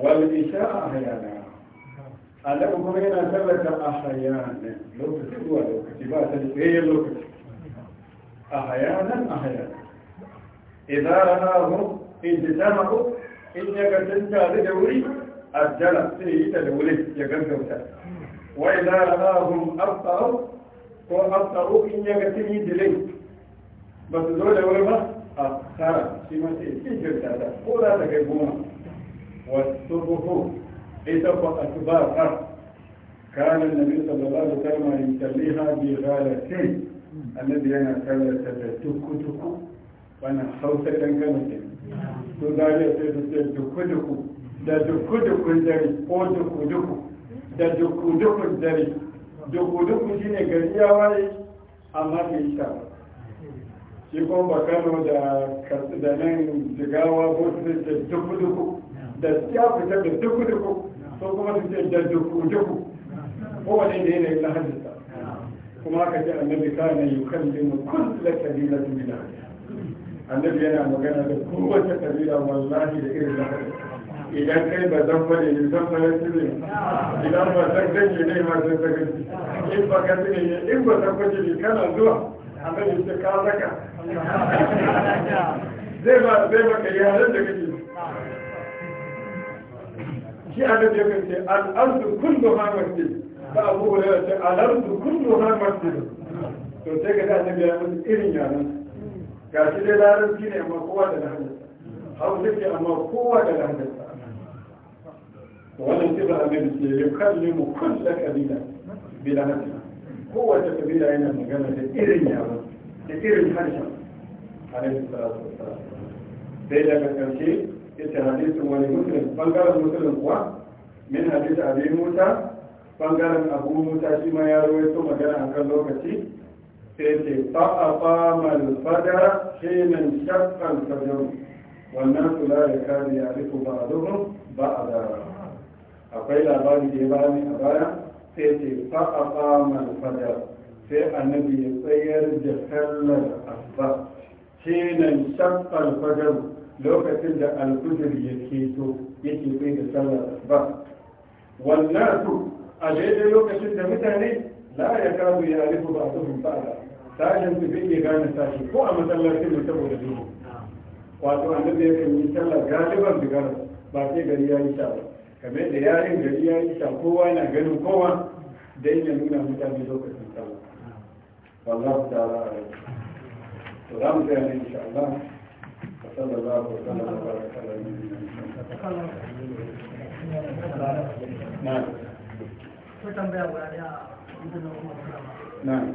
wal a hayana annabi kuma yana tabbata a hayanan lokaci zuwa lokaci ba ta tsayayyen lokaci a hayanan a hayanan idan rahahu in ji tamaku in ya gantun tare da wuri ajala sai yi ta da wuri ya gaggauta wa idan rahahu abta'u ko abta'u in ya gantun yi delay ba su zo da wuri ba a tara shi ma sai yi jirta ta ko za ta kai goma wasu buhu ita ku asbaqar kana annabi sallallahu alaihi wasallam yusalliha bi ghalatin annabi yana kallata da tukutuku wannan hausa dangane ne to zariya sai su ce tukutuku da dukudukun dare ko dukuduku da dukudukun dare dukuduku shi ne gari ya waye amma bai sha ba shi kuma bakano da katsu da nan jigawa ko su da ce dukuduku da ya fita da dukuduku kuma su ce jajjaku jaku kowane da yanayin lahajinsa kuma aka ce annabi kana da kullu kabilatin min annabi yana magana da kowace kabila wallahi da irin lahajinsa idan kai ba zan bane ne zan bane su ne idan ba san ganye ne ma zan zaga in ba ka tune ne in ba san kwace ne kana zuwa amma ne ka zaka zai ba zai ba ka yi halin da kake shi a annabi ce kace al'ardu kulluha masjid ba abu hurairah ce al'ardu kulluha masjid to sai ka dace biya ya musu irin yana ga shi dai larin larabci ne amma kowa da lahanda hau hausa ke amma kowa da lahajar wannan a annabi ce ya kallimu kulla kabila bi lahajar kowace kabila yana magana da irin yaran da irin harshen alaihi salatu wassalam sai daga karshe yace hadisin wani muslim bangaren muslim kuwa min hadisi abi musa bangaren abu musa shi ma ya rawaito magana a kan lokaci sai ce fa aqama al fada shi nan shakkan fajr wannan da ba a zuhun ba a zara akwai labari da ya bani a baya sai ce fa aqama al fada sai annabi ya tsayar da sallar asuba shi nan shakkan fajr lokacin da alfijir ya keto yake bai da sallar ba wannan su a daidai lokacin da mutane a ya kawo ya alifu ba su fada sashen su bai gane sashi ko a masallacin mu saboda duhu wato da ya kan yi sallar galiban gara ba sai gari ya yi sha ba kamar da yarin gari ya yi sha kowa yana ganin kowa dan ya nuna mutane lokacin sallar wallahu ta'ala to za mu tsaya ne insha Allah وصلى الله وسلم وبارك على نعم نعم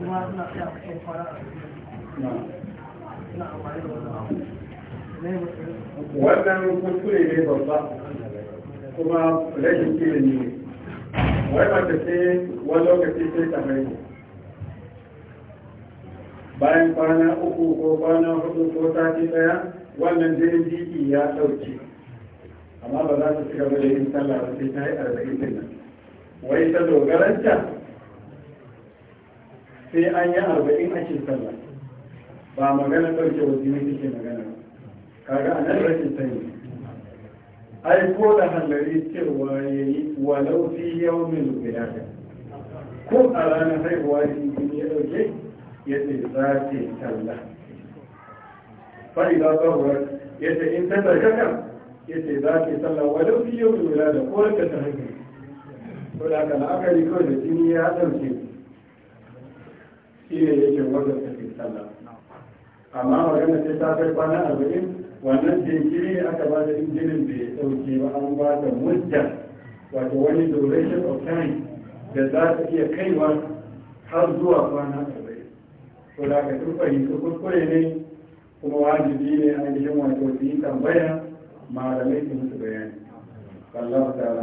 kuma suna tsaya a cikin na da wannan kuskure ne babba kuma rashin ilimi ne wai wanda sai wani lokaci sai ta haihu bayan kwana uku ko kwana hudu ko sati daya wannan jirin jiki ya ɗauke amma ba za su ci gaba da yin sallah ba sai ta yi arba'in din nan wai ta dogaranta sai an yi arba'in ake sallah ba magana ɗauke wa jini take magana ba kaga a nan rashin sani ai ko da hallari cewa ya yi walau fi yau min biyaka ko a ranar haihuwa shi ya dauke ya ce za ce talla fa'ida tsohuwar ya ce in ta tsarkaka ya ce za ce talla walau fi yau min biyaka ko da ta haihu ko da haka la'akari kawai da jini ya dauke shi ne yake wajen tafi talla amma magana ce ta kai kwana arba'in wannan jinkiri ne aka ba da injinin da ya dauke ba an ba da mudda wato wani duration of time da za ta iya kaiwa har zuwa kwana arba'in to da ka tun fahimta kuskure ne kuma wajibi ne a gidan wato su yi tambaya malamai su musu bayani Allah ta'ala